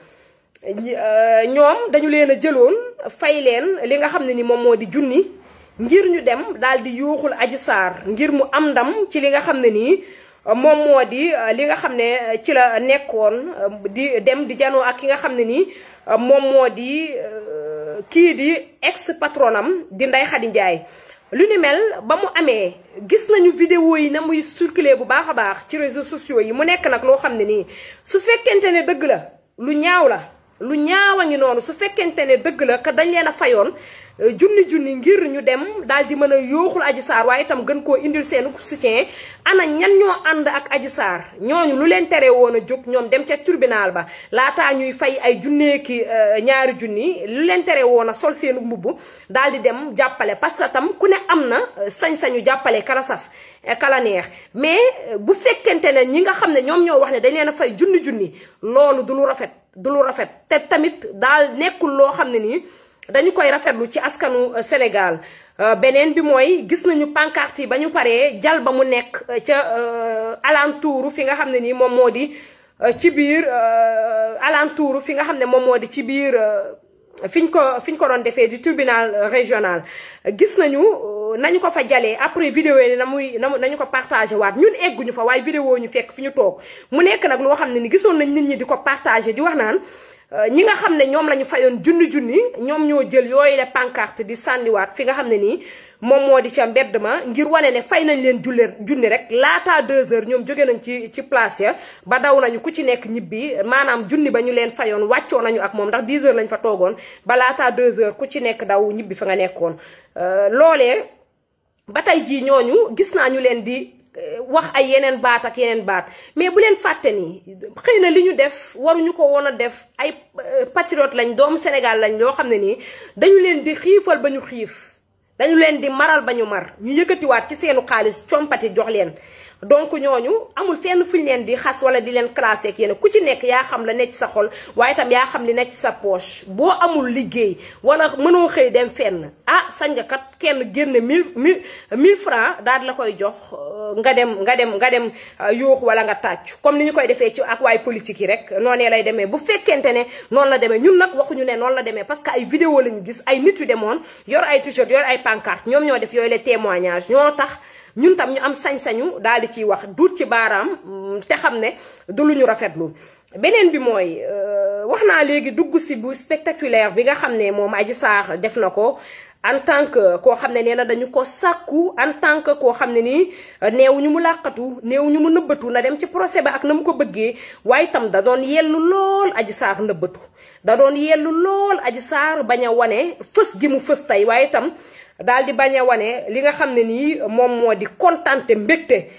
ñoom dañu leen jëloon fay leen li nga xam ne ni moom moo di junni ngir ñu dem daal di yuuxul Adji saar ngir mu am ndam ci li nga xam ne nii euh, moom moo di euh, li nga xam ne euh, ci la nekkoon di dem di janoo ak ki nga xam ne nii moom moo di kii di ex patronam di Ndeye Khady lu ni mel ba mu amee gis nañu video yi na muy surculer bu baax a baax ci réseaux sociaux yi mu nekk nag loo xam ne nii su fekkente ne dëgg la lu ñaaw la lu ñaaw a ngi noonu su fekkente ne dëgg la que dañ leen a fayoon Euh, junni junni ngir ñu dem daal di mën a yooxul Adji Sarr waaye itam gën koo indil seen soutien ana ñan ñoo ànd ak Adji Sarr ñooñu lu leen tere woon a jóg ñoom dem ca tribunal ba laataa ñuy fay ay junni junneeki euh, ñaari junni lu leen tere woon a sol seenu mbubb dal di dem jàppale parce que tam ku ne am na euh, sañ-sañu jàppale kala saf kala neex mais bu fekkente ne ñi nga xam ne ñoom ñoo wax ne dañ leen a fay junni junni loolu du lu rafet du lu rafet te tamit daal nekkul loo xam ne nii dañu koy rafetlu ci askanu euh, Sénégal euh, beneen bi mooy gis nañu pancarte yi ba ñu paree jal ba mu nekk euh, ca alentour fi nga xam ne nii moom moo di ci biir alentour fi nga xam ne moom moo di ci biir fiñ ko fiñ ko doon defee di tribunal régional gis nañu nañu ko fa jalee après vidéo yi na muy nañu ko partagé waat ñun egguñu fa waaye vidéo ñu fekk fi ñu toog mu nekk nag loo xam ne ni gisoon nañ nit ñi di ko partagé di wax naan Euh, ñi nga xam ne ñoom la ñu fayoon junni junni ñoom ñoo jël yooyu la pancarte di sànniwaat fi nga xam ne nii moom moo di ca mbedd ma ngir wane ne fay nañ leen julle junni rek laata deux heures ñoom jóge nañ ci ci place ya ba daw nañu ku ci nekk ñibbi maanaam junni ba ñu leen fayoon wàccoo nañu ak moom ndax dix heures lañ fa toogoon ba laata deux heures ku ci nekk daw ñibbi fa nga nekkoon euh, loolee ba tey jii ñooñu gis naa ñu leen di wax ay yeneen baat ak yeneen baat mais bu leen fàtte nii xëy na li ñu def waruñu ko woon a def ay euh, patriote lañ doomu Sénégal lañ yoo xam ne nii dañu leen di xiifal ba ñu xiif dañu leen di maral ba ñu mar ñu yëkkatiwaat ci seenu xaalis compati jox leen donc ñooñu amul fenn ñu leen di xas wala di leen classé ak yéen ku ci nekk yaa xam la nekk ci sa xol waaye itam yaa xam li nekk ci sa poche boo amul liggéey wala mënoo xëy dem fenn ah sañ nga kat kenn génne mille mille mille francs daal la koy jox euh, nga dem nga dem nga dem euh, yuux wala nga tàccu comme ni ñu koy defee ci ak waay politique yi rek noonee lay demee bu fekkente ne noonu la demee ñun nag waxuñu ne noonu la demee parce que ay vidéo lañu gis ay nit yu demoon yor ay t-shirt ay pancarte ñoom ñoo def yooyu les témoignages ñoo tax ñun tam ñu am sañ-sañu daal di ciy wax duut ci baaraam mm, te xam ne du lu ñu lu beneen bi mooy euh, wax naa léegi dugg si bu spectaculaire bi nga xam ne moom Adji Sarr def na ko en tant que koo xam ne nee na dañu ko sàkku en tant koo xam ne nii euh, néew ñu mu làqatu néew ñu mu nëbbatu na dem ci procès ba ak na mu ko bëggee waaye itam da doon yellu lool Adji Sarr nëbbatu da doon yellu lool Adji saar bañ a wane fës gi mu fës tey waaye itam daal di bañ a wane li nga xam ne nii moom moo di kontante mbégte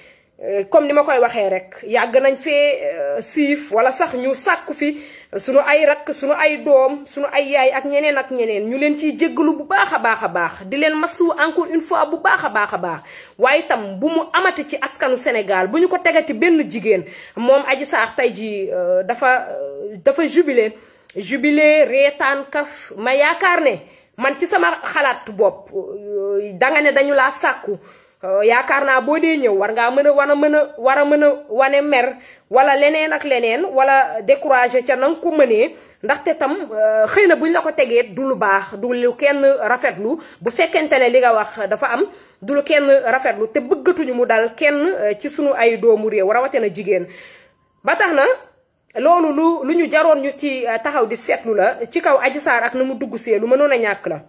euh, comme ni ma koy waxee rek yàgg nañ fee euh, siif wala sax ñu sàkku fi euh, suñu ay rakk suñu ay doom suñu ay yaay ak ñeneen ak ñeneen ñu leen ciy jéggalu bu baax a baax a baax di leen masuwu encore une fois bu baax a baax a baax waaye itam bu mu amati ci askanu Sénégal bu ñu ko tegati benn jigéen moom Adji Sarr tey jii dafa dafa jubilé jubilé reetaan kaf ma yaakaar ne man ci sama xalaat bopp euh, danga ne dañu laa sàkku euh, yaakaar naa boo dee ñëw war ngaa mën a war a mën a war a mën a wane mer wala leneen ak leneen wala découragé ca nanga ko mënee ndaxte tam euh, xëy na buñ la ko tegee du lu baax du lu kenn rafetlu bu fekkente ne li nga wax dafa am du lu kenn rafetlu te bëggatuñu mu dal kenn ci suñu ay doomu réew rawatina jigéen ba tax na loolu lu lu ñu jaroon ñu ci eh, taxaw di seetlu la ci kaw Adji Sarr ak na mu dugg see lu mënoon a ñàkk la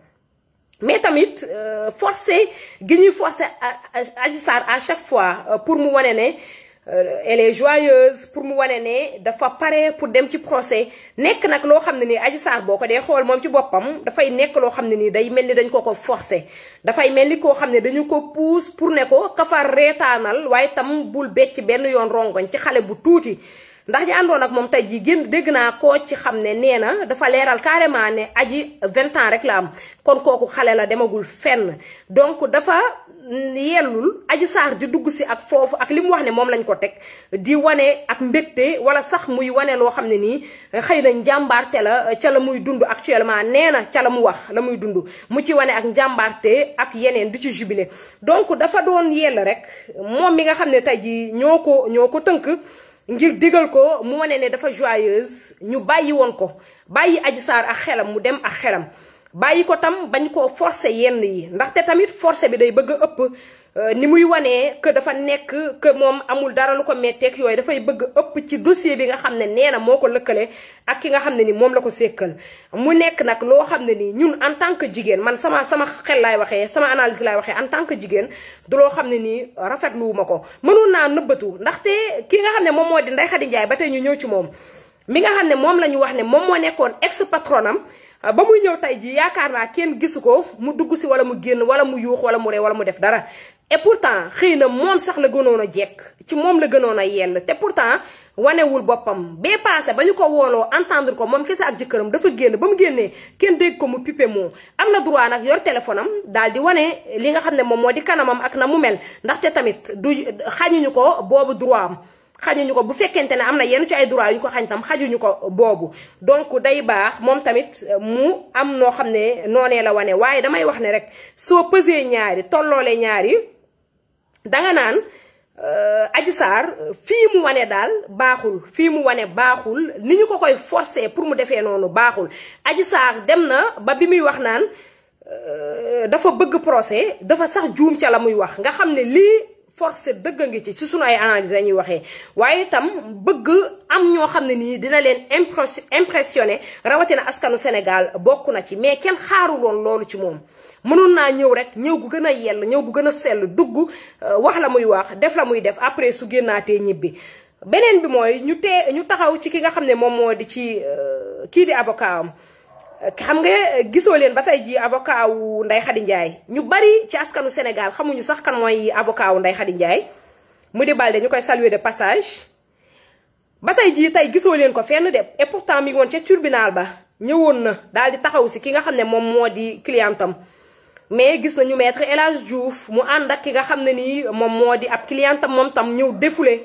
mais tamit eh, forcé gi ñuy forcé eh, Adji Sarr à chaque fois pour mu wane ne elle est joyeuse pour mu wane ne dafa pare pour dem ci procès nekk nag loo xam ne nii Adji Sarr boo ko dee xool moom ci boppam dafay nekk loo xam ne nii day mel ni dañ ko ko forcé dafay mel ni koo xam ne dañu ko puus pour ne ko kafar reetaanal waaye tam bul becc benn yoon rongoñ ci xale bu tuuti ndax ñi àndoon ak moom tey jii génn dégg naa koo ci xam ne nee na dafa leeral carrément ne aji vingt ans rek la am kon kooku xale la demagul fenn donc dafa yellul aji saar di dugg si ak foofu ak li mu wax ne moom lañ ko teg di wane ak mbégte wala sax muy wane loo xam ne nii xëy na njàmbaarte la ca la muy dund actuellement nee na ca la mu wax la muy dund mu ci wane ak njàmbaarte ak yeneen di ci jubilé donc dafa doon yell rek moom mi nga xam ne tey jii ñoo ko ñoo ko tënk ngir digal ko moo wane ne dafa joyeuse ñu bàyyi woon ko bàyyi Adji Sarr ak xelam mu dem ak xelam bàyyi ko tam bañ koo forcer yenn yi ndaxte tamit forcer bi day bëgg a ëpp Euh, ni muy wanee que dafa nekk que moom amul dara lu ko metteeg yooyu dafay bëgg ëpp ci dossier bi nga xam ne nee na moo ko lëkkale ak ki nga xam ne ni moom la ko sékkal mu nekk nag loo xam ne nii ñun en tant que jigéen man sama sama xel laay waxee sama laay waxee tant que jigéen loo xam ne nii rafetluwuma ko mënoon naa nëbbatu ndaxte ki nga xam ne moom moo di Ndeye Khady Ndiaye ba tey ñu ñëw ci moom mi nga xam ne moom la ñu wax ne moom moo nekkoon ex patronam ba muy ñëw tey jii yaakaar naa kenn gisu ko mu dugg si wala mu génn wala mu yuux wala mu ree wala mu def dara et pourtant xëy na moom sax la gënoon a jekk ci moom la gënoon a yell te pourtant wanewul boppam bee passé ba ñu ko wooloo entendre ko moom kese ak jëkkëram dafa génn ba mu génnee kenn dégg ko mu pipe moom am na droit nag yor téléphone am daal di wane li nga xam ne moom moo di kanamam ak na mu mel ndaxte tamit du xañuñu ko boobu droit am xajuñu ko bu fekkente ne am na yenn ci ay droit yu ñu ko xañ tam xajuñu ko boobu donc day baax moom tamit mu am noo xam ne noonee la wane waaye damay wax ne rek soo pësee ñaari tolloolee ñaari danga naan euh, Adji Sarr fii mu wane daal baaxul fii mu wane baaxul ni ñu ko koy forcer pour mu defee noonu baaxul Adji Sarr dem na ba bi muy wax naan euh, dafa bëgg procès dafa sax juum ca la muy wax nga xam ne lii force dëgg ngi ci ci sunu ay analyse la ñuy waxee waaye itam bëgg am ñoo xam ne nii dina leen impressionné rawatina askanu Sénégal bokk na ci mais kenn xaaruloon loolu ci moom mënul naa ñëw rek ñëw gu gën a yell ñëw gu gën a sell dugg euh, wax la muy wax def la muy def après su génnaatee ñibbi beneen bi mooy ñu tee ñu taxaw ci ki nga xam ne moom moo di ci euh, kii di avocat xam nga gisoo leen ba tey jii avocat wu Ndeye Khady Ndiaye ñu bari ci askanu Sénégal xamuñu sax kan mooy avocat wu Ndeye Khady mu di Balde ñu koy saluer de passage ba tey jii tey gisoo leen ko fenn de et pourtant mi ngi woon ca tribunal ba ñëwoon na daal di taxaw si ki nga xam ne moom moo di clientam mais gis nañu maître El Hadj Diouf mu ànd ak ki nga xam ne nii moom moo di ab client am moom tam ñëw défule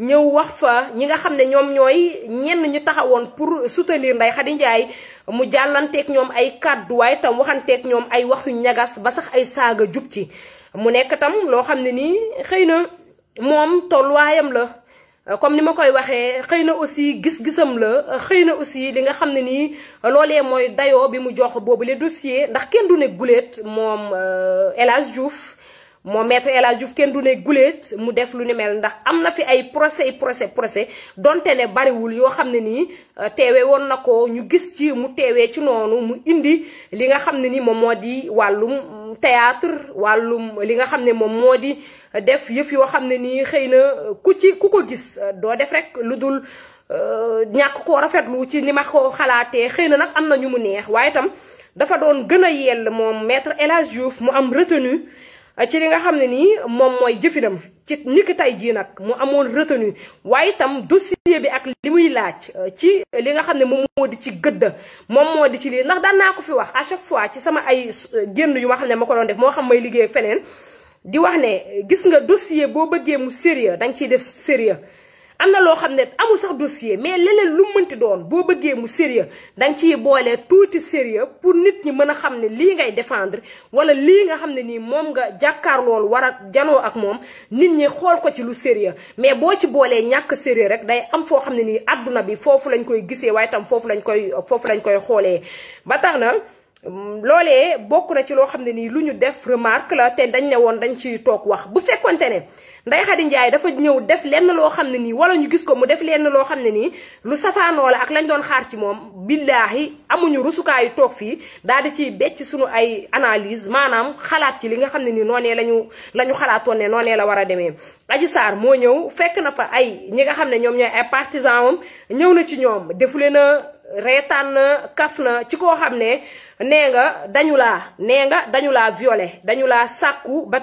ñëw wax fa ñi nga xam ne ñoom ñooy ñenn ñu taxawoon pour soutenir Ndeye Khady Ndiaye mu jàllanteek ñoom ay kàddu waaye tam waxanteeg ñoom ay wax yu ñagas ba sax ay saaga jub ci mu nekk tam loo xam ne nii xëy na moom tolluwaayam la. comme ni ma koy waxee xëy na aussi gis-gisam la xëy na aussi li nga xam ne nii loolee mooy dayo bi mu jox boobu le dossier ndax kenn du nekk guléet moom euh, El Hadj Diouf moom maître El Hadji Diouf kenn du ne guléet mu def lu ni mel ndax am na fi ay procès procès procès donte ne bariwul yoo xam ne nii euh, teewe woon na ko ñu gis ci mu teewee ci noonu mu indi li nga xam ne nii moom moo di wàllum théâtre wàllum li nga xam ne moom moo di def yëf yoo xam ne nii xëy na ku ci ku ko gis euh, doo def rek lu dul euh, ñàkk rafet rafetlu ci ni ma ko xalaatee xëy na nag am na ñu mu neex waaye itam dafa doon gën a yell moom maître El Hadji Diouf mu am retenu ci li nga xam ne nii moom mooy jëfinam ci ni ki tey jii nag mu amoon retenu waaye itam dossier bi ak li muy laaj euh, ci li nga xam ne moom moo di ci gëdd moom moo di ci lii ndax daan ko fi wax à chaque fois ci sama ay euh, génn yu ma xam ne ma ko doon def moo xam may liggéey feneen di wax ne gis nga dossier boo bëggee mu sérieux danga ciy def sérieux am na loo xam ne amul sax dossier mais leneen lu mënti doon boo bëggee mu sérieux dañ nga ciy boolee tuuti sérieux pour nit ñi mën a xam ne lii ngay défendre wala lii nga xam ne nii moom nga jàkkaar loolu war a janoo ak moom nit ñi xool ko ci lu sérieux mais boo ci boolee ñàkk sérieux rek day am foo xam ne nii àdduna bi foofu lañ koy gisee waaye tam foofu lañ koy foofu lañ koy xoolee ba tax na loolee bokk na ci loo xam ne nii lu ñu def remarque la te dañ ne woon dañ ciy toog wax bu fekkonte ne Ndeye Khady Ndiaye dafa ñëw def lenn loo xam ne nii wala ñu gis ko mu def lenn loo xam ne nii lu safaanoo la ak lañ doon xaar ci moom billaahi amuñu rusukaayu toog fii daal di ciy becc suñu ay analyse maanaam xalaat ci li nga xam ne nii noonee lañu la ñu xalaatoon ne noonee la war a demee Adji saar moo ñëw fekk na fa ay ñi nga xam ne ñoom ñooy ay partisan am ñëw na ci ñoom defule na reetaan na kaf na ci koo xam ne nee nga dañu laa nee nga dañu laa violé dañu laa sàkku ba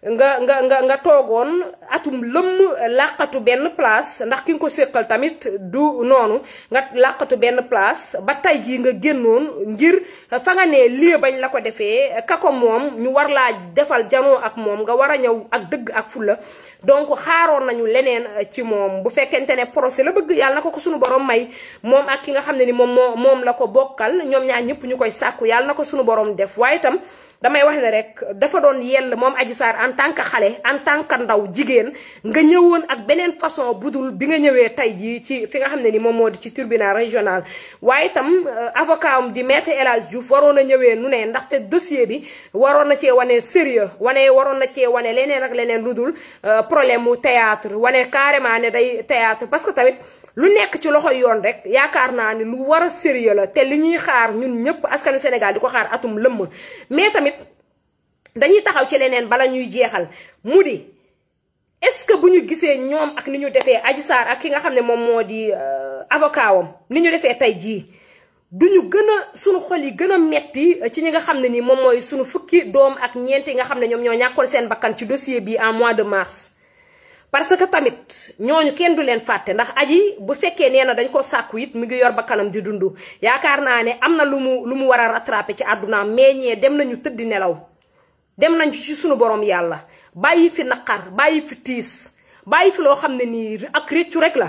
nga nga nga toogoon atum lëm làqatu benn place ndax ki nga ko séqal tamit du noonu nga làqatu benn place ba tey jii nga génnoon ngir fa nga ne lii bañ la ko defee kako moom ñu war laa defal janoo ak moom nga war a ñëw ak dëgg ak fulla donc xaaroon nañu leneen ci moom bu fekkente ne procès la bëgg yàlla na ko ko suñu borom may moom ak ki nga xam ne ni moom moo moom la ko bokkal ñoom ñaar ñëpp ñu koy sàkku yàlla na ko suñu borom def waaye itam damay wax ne rek dafa doon yell moom Adji Sarr en tant que xale en tant que ndaw jigéen nga ñëwoon ak beneen façon bu dul bi nga ñëwee tey jii ci fi nga xam ne ni moom moo di ci tribunal régional. waaye itam euh, avocat am di maître El Hadj waroon a ñëwee nu ne ndaxte dossier bi waroon na cee wane sérieux wane waroon na cee wane leneen ak leneen lu dul euh, problème mu théâtre wane carrément ne day théâtre parce que tamit. lu nekk ci loxo yoon rek yaakaar naa ni lu war a sérieux la te li ñuy xaar ñun ñëpp askanu Sénégal di ko xaar atum lëmm mais tamit dañuy taxaw ci leneen bala ñuy jeexal mu di est-ce que bu ñu gisee ñoom ak ni ñu defee Adji Sarr ak ki nga xam ne moom moo di euh, avocat wam ni ñu defee tey jii duñu gën a suñu xol yi gën a metti euh, ci ñi nga xam ne ni moom mooy suñu fukki doom ak ñeent yi nga xam ne ñoom ñoo ñàkkoon seen bakkan ci dossier bi en mois de mars parce que tamit ñooñu kenn du leen fàtte ndax aji bu fekkee nee na dañ koo sàkku it mu ngi yor ba kanam di dund yaakaar naa ne am na lu mu lu mu war a rattrapé ci àddunaam mais ñee dem nañu tëdd nelaw dem nañu ci suñu borom yàlla bàyyi fi naqar bàyyi fi tiis bàyyi fi loo xam ne nii ak réccu rek la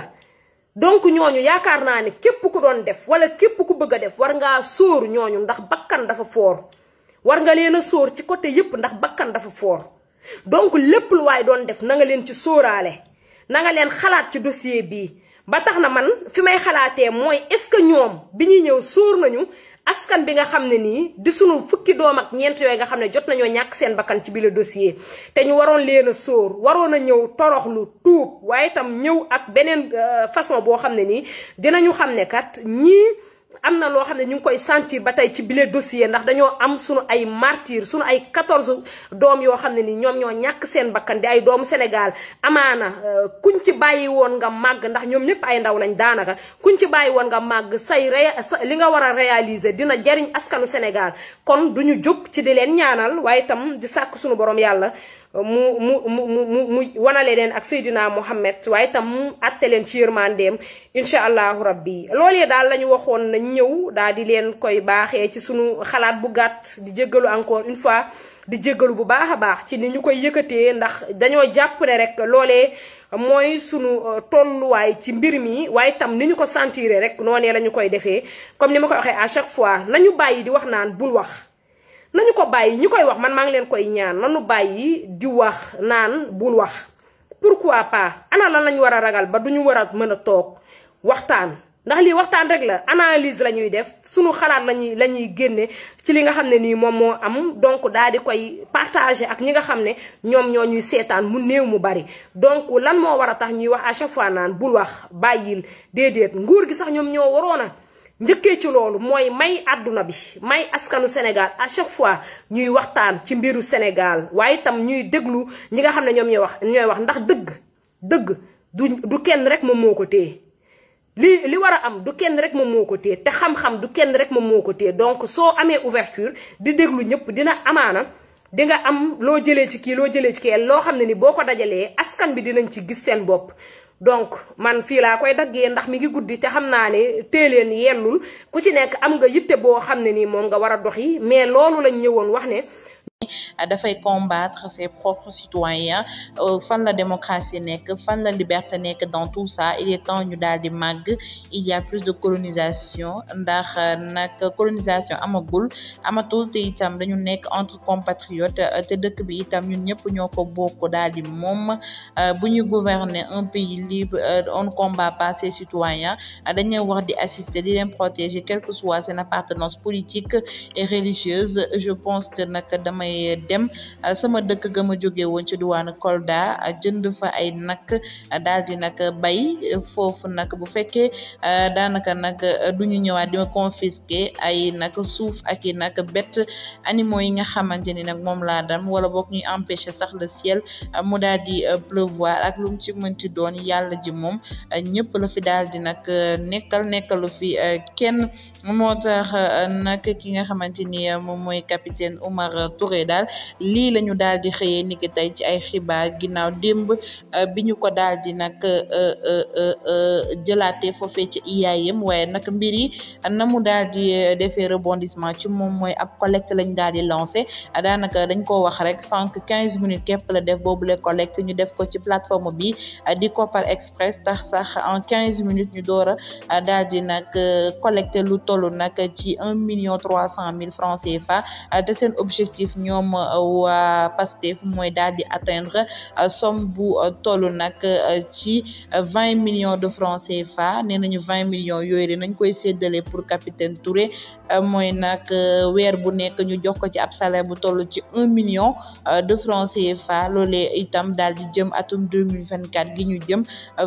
donc ñooñu yaakaar naa ne képp ku doon def wala képp ku bëgg a def war ngaa sóor ñooñu ndax bakkan dafa foor war nga leen a sóor ci côté yépp ndax bakkan dafa foor donc lépp lu waaye doon def na nga leen ci sooraale na nga leen xalaat ci dossier bii ba tax na man fi may xalaatee mooy est-ce que ñoom bi ñuy ñëw sóor nañu askan bi nga xam ne nii di sunu fukki doom ak ñeent yooyu nga xam ne jot nañoo ñàkk seen bakkan ci biir dossier te ñu waroon leen a sóor waroon a ñëw toroxlu tuub waaye itam ñëw ak beneen euh, façon boo xam ne nii dinañu xam ne kat ñii. am na loo xam ne ñu ngi koy sentir ba tey ci bile dossier ndax dañoo am sunu ay martyr sunu ay quatorze doom yoo xam ne nii ñoom ñoo ñàkk seen bakkan di ay doomu Sénégal amaana euh, kuñ ci bàyyi woon nga màgg ndax ñoom ñëpp ay ndaw lañ daanaka kuñ ci bàyyi woon nga màgg say li nga war a réaliser dina jariñ askanu Sénégal kon duñu jóg ci di leen ñaanal waaye itam di sàkk sunu boroom yàlla mu mu mu mu mu wanale leen ak Seydina Mohamed waaye itam atte leen ci yërmandeem incha allahu rabbi loolee daal la ñu waxoon nañ ñëw daal di leen koy baaxee ci sunu xalaat bu gàtt di jéggalu encore une fois di jéggalu bu baax a baax ci ni ñu koy yëkkatee ndax dañoo jàpp rek loolee mooy sunu euh, tolluwaay ci mbir mi waaye tam ni ñu ko sentiré rek noonee la ñu koy defee comme ni ma koy waxee à chaque fois nañu bàyyi di wax naan bul wax nañu ko bàyyi ñi koy wax man maa ngi leen koy ñaan nanu bàyyi di wax naan bul wax pourquoi pas ana lan lañu war a ragal ba du ñu war a mën a toog waxtaan ndax lii waxtaan rek la analyse la ñuy def suñu xalaat lañuy la ñuy génne ci li nga xam ne nii moom moo am donc daal di koy partager ak ñi nga xam ne ñoom ñoo ñuy seetaan mu néew mu bari donc lan moo war a tax ñuy wax à chaque naan bul wax bàyyil déedéet nguur gi sax ñoom ñoo waroon a njëkkee ci loolu mooy may àdduna bi may askanu Sénégal à chaque fois ñuy waxtaan ci mbiru Sénégal waaye itam ñuy déglu ñi nga xam ne ñoom ñooy wax ñooy wax ndax dëgg dëgg du du kenn rek moom moo ko téye li li war a am du kenn rek moom moo ko téye te xam-xam du kenn rek moom moo ko téye donc soo amee ouverture di déglu ñëpp dina amaana di nga am loo jëlee ci kii loo jëlee ci kii loo xam ne ni boo ko dajalee askan bi dinañ ci gis seen bopp donc man fii laa koy daggee ndax mi ngi guddi te xam naa ne teeleen yellul ku ci nekk am nga yitte boo xam ne nii moom nga war a dox yi mais loolu lañ ñëwoon wax ne Euh, dafay combattre ses propres citoyens euh, fan la démocratie nekk fan la liberté nekk dans tout ça il est temps ñu daal di màgg il y plus de colonisation ndax euh, nag colonisation amagul amatul te itam dañu nekk entre compatriotes te dëkk bi itam ñun ñëpp ñoo ko bokk daal di moom bu ñu gouverner un pays libre on combat pas ses citoyens dañu wax di assister di leen protéger quelle que soit seen appartenance politique et religieuse je pense que nag damay may dem sama dëkk ga ma jóge woon ci diwaanu Kolda jënd fa ay nag daal di nag bay foofu nag bu fekkee daanaka nag du ñu ñëwaat di ma confisquer ay nag suuf ak i nag bett animaux yi nga xamante ni nag moom laa dam wala boog ñuy empêcher sax le ciel mu daal di pleuvoir ak lu ci mënti doon yàlla ji moom ñëpp la fi daal di nekkal nekkalu fi kenn moo tax nag ki nga xamante moom mooy capitaine Oumar Touré foofee daal lii la ñu daal di xëyee niki tey ci ay xibaar ginnaaw démb euh, bi ñu ko daal di nag euh, euh, jëlaatee foofee ci IAM waaye nag mbir yi na mu daal di defee rebondissement ci moom mooy ab collecte lañ daal di lancé daanaka dañ ko wax rek sànq quinze minutes képp la def boobu le collecte ñu def ko ci plateforme bi di Kopar Express tax sax en quinze minutes ñu door a daal di nag lu toll nag ci un million trois cent mille francs CFA te seen objectif ñoom euh, waa Pastef mooy daal di atteindre euh, somme bu euh, toll nag ci vingt millions de francs CFA nee nañu vingt millions yooyu nañ koy séddale pour capitaine Touré mooy nag weer bu nekk ñu jox ko ci ab salaire bu toll ci un million de francs CFA loolee itam daal di jëm atum deux mille vingt quatre gi ñu jëm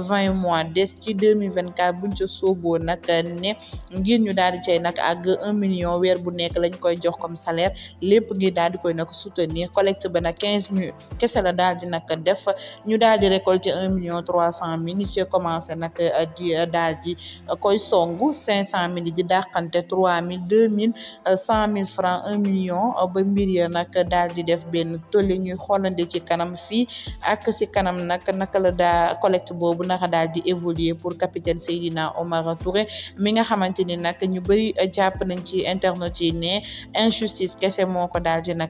vingt mois des ci deux mille vingt quatre buñ ci sooboo nag ne ngir ñu daal di cay nag àgg un million weer bu nekk lañ koy jox comme salaire lépp ngir daal di koy nag soutenir collecte ba nag quinze mille kese la daal di nag def ñu daal di récolter un million trois cent mille ñi ci commencé nag euh, di euh, daal di euh, koy songu cinq cent mille di dàqante trois mille deux mille cent mille francs un million ba mbir ya nag daal di def benn tolli ñuy xoolande ci kanam fii ak ci kanam nag naka la daa collecte boobu naka daal di évoluer pour capitaine Seydina Omar Touré mi nga xamante ni nag ñu bëri jàpp nañ ci internet yi ne injustice kese moo ko daal di nag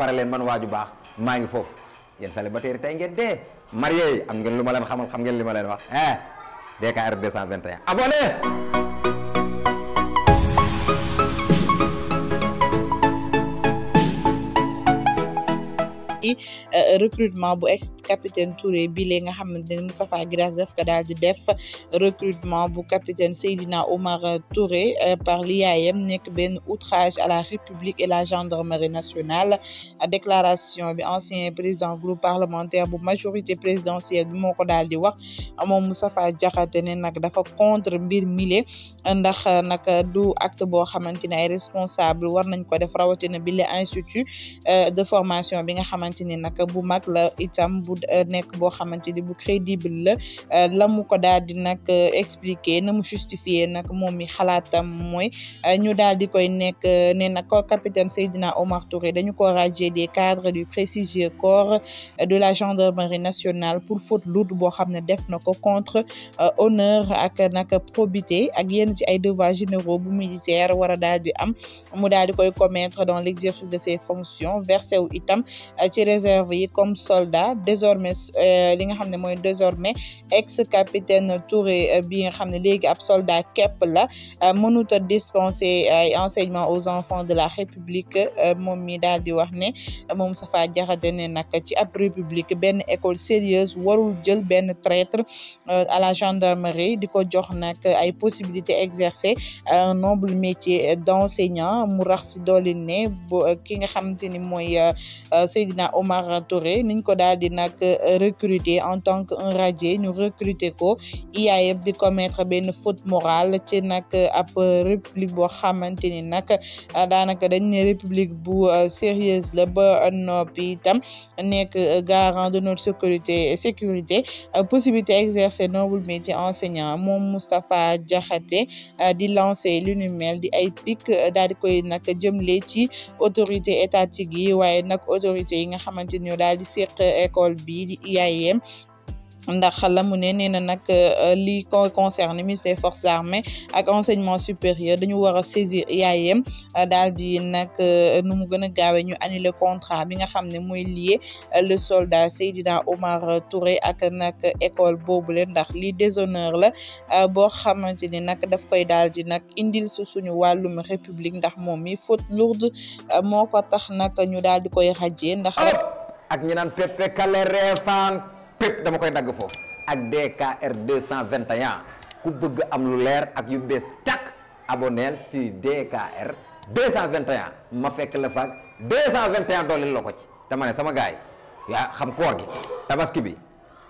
pare leen man waaju baax maa ngi foofu yéen célibataire yi tey ngeen dee marié yi am ngeen lu ma leen xamal xam ngeen li ma leen wax eh DKR 221 abonné ci euh, recrutement bu ex capitaine Touré bile nga xamante ne Moustapha Guirassy daf ko daal di def recrutement bu capitaine Seydina Omar Touré euh, par l'IAM nekk benn outrage à la République et la gendarmerie nationale déclaration bi ancien président groupe parlementaire bu majorité présidentielle bi moo ko daal di wax moom Moustapha Diakhaté ne nag dafa contre mbir mile ndax nag du acte boo xamante ne ay responsable war nañ ko def rawatina bile institut euh, de formation bi nga xamante xamante ni nag bu mag la itam bu euh, nekk boo xamante ni bu crédible la euh, la mu ko daal di nag euh, expliquer na mu justifier nag moom mi xalaatam mooy ñu daal di koy nekk ne nag ko capitaine Seydina Omar Touré dañu ko radier des cadres du prestigieux corps de la gendarmerie nationale pour faute lourde boo xam ne def na ko contre honneur ak nag probité ak yenn ci ay devoirs généraux bu militaire war daal di am mu daal di koy commettre dans l'exercice de ses fonctions versé itam ci réserve yi comme soldat désormais euh, li nga xam ne mooy désormais ex capitaine Touré euh, bi nga xam ne léegi ab soldat képp la euh, mënut a dispenser ay enseignement aux enfants de la république moom mi daal di wax ne moom Moustapha Diakhaté ne nag ci ab république benn école sérieuse warul jël benn traître à la gendarmerie di ko jox nag ay possibilité exercer un noble métier d'enseignant mu rax si doolin ne ki nga xamante ni mooy Seydina Omar Touré niñ ko daal di nag euh, recruter en tant que un radier ñu recruter ko IAAF di commettre benn faute morale ci nag euh, ab euh, république boo xamante ni nag daanaka dañ ne bu sérieuse la ba noppi itam nekk garant de notre sécurité sécurité possibilité exercer noble métier enseignant moom Moustapha Diakhaté di lancer lu nu mel di ay pic daal di koy nag jëmle ci autorité étatique yi waaye nag autorité yi nga xamante ni ñoo daal di seq école bi di IAM ndax la mu ne nee na nag euh, lii concerne ministère des forces armées ak enseignement supérieur dañu war a saisir IAM euh, daal di nag euh, nu mu gën a gaawee ñu annuler contrat bi nga xam ne mooy lié le soldat Seydina Omar Touré ak nag école boobu leen ndax lii déshonneur la boo xamante ni nag daf koy daal di nag indil su suñu wàllum république ndax moom mi faute lourde moo ko tax nag ñu daal di koy rajee ndax. ak ñi pepe kale reefaan pépp dama koy dagg foofu ak deux DKR 221 ku bëgg am lu leer ak yu bees takk aboneel ci DKR 221 ma fekk la faag 221 dooleel la ko ci dama ne sama gars yi yaa xam koor gi tabaski bi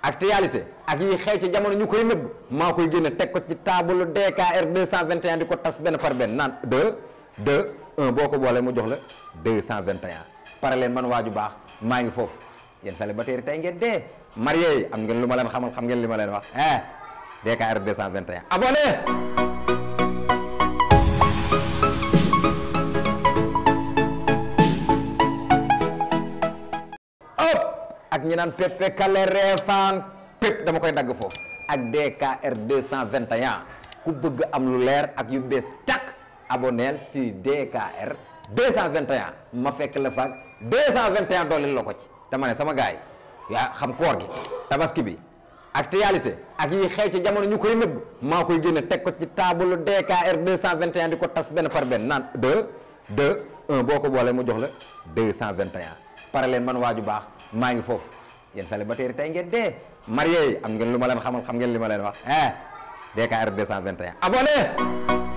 actualité ak yi xew ci jamono ñu koy nëbb maa koy génne teg ko ci taabalu DKR 221 di ko tas benn par benn naan 2 2 boo ko boolee mu jox la 221 pare leen man waaju baax maa ngi foofu yéen célibataire tey ngeen dee marié yi am ngeen lu ma leen xamal xam ngeen li ma leen wax eh DKR 221 abonné ak ñi naan pepe kale reefaan pép dama koy dagg foofu ak DKR 221 ku bëgg am lu leer ak yu bees tàkk aboneel ci DKR 221 ma fekk la faak 221 dooleel la ko ci dama ne sama gaay yaa xam koor gi tabaski bi ak réalité ak yi xew ci jamono ñu koy nëbb maa koy génne teg ko ci table DKR 221 di ko tas benn par benn naan de de 1 boo ko boolee mu jox la 221 par leen man waaju baax maa ngi foofu yéen célibataire tey ngeen dee marié yi am ngeen lu ma leen xamal xam ngeen li ma leen wax eh DKR 221 abonné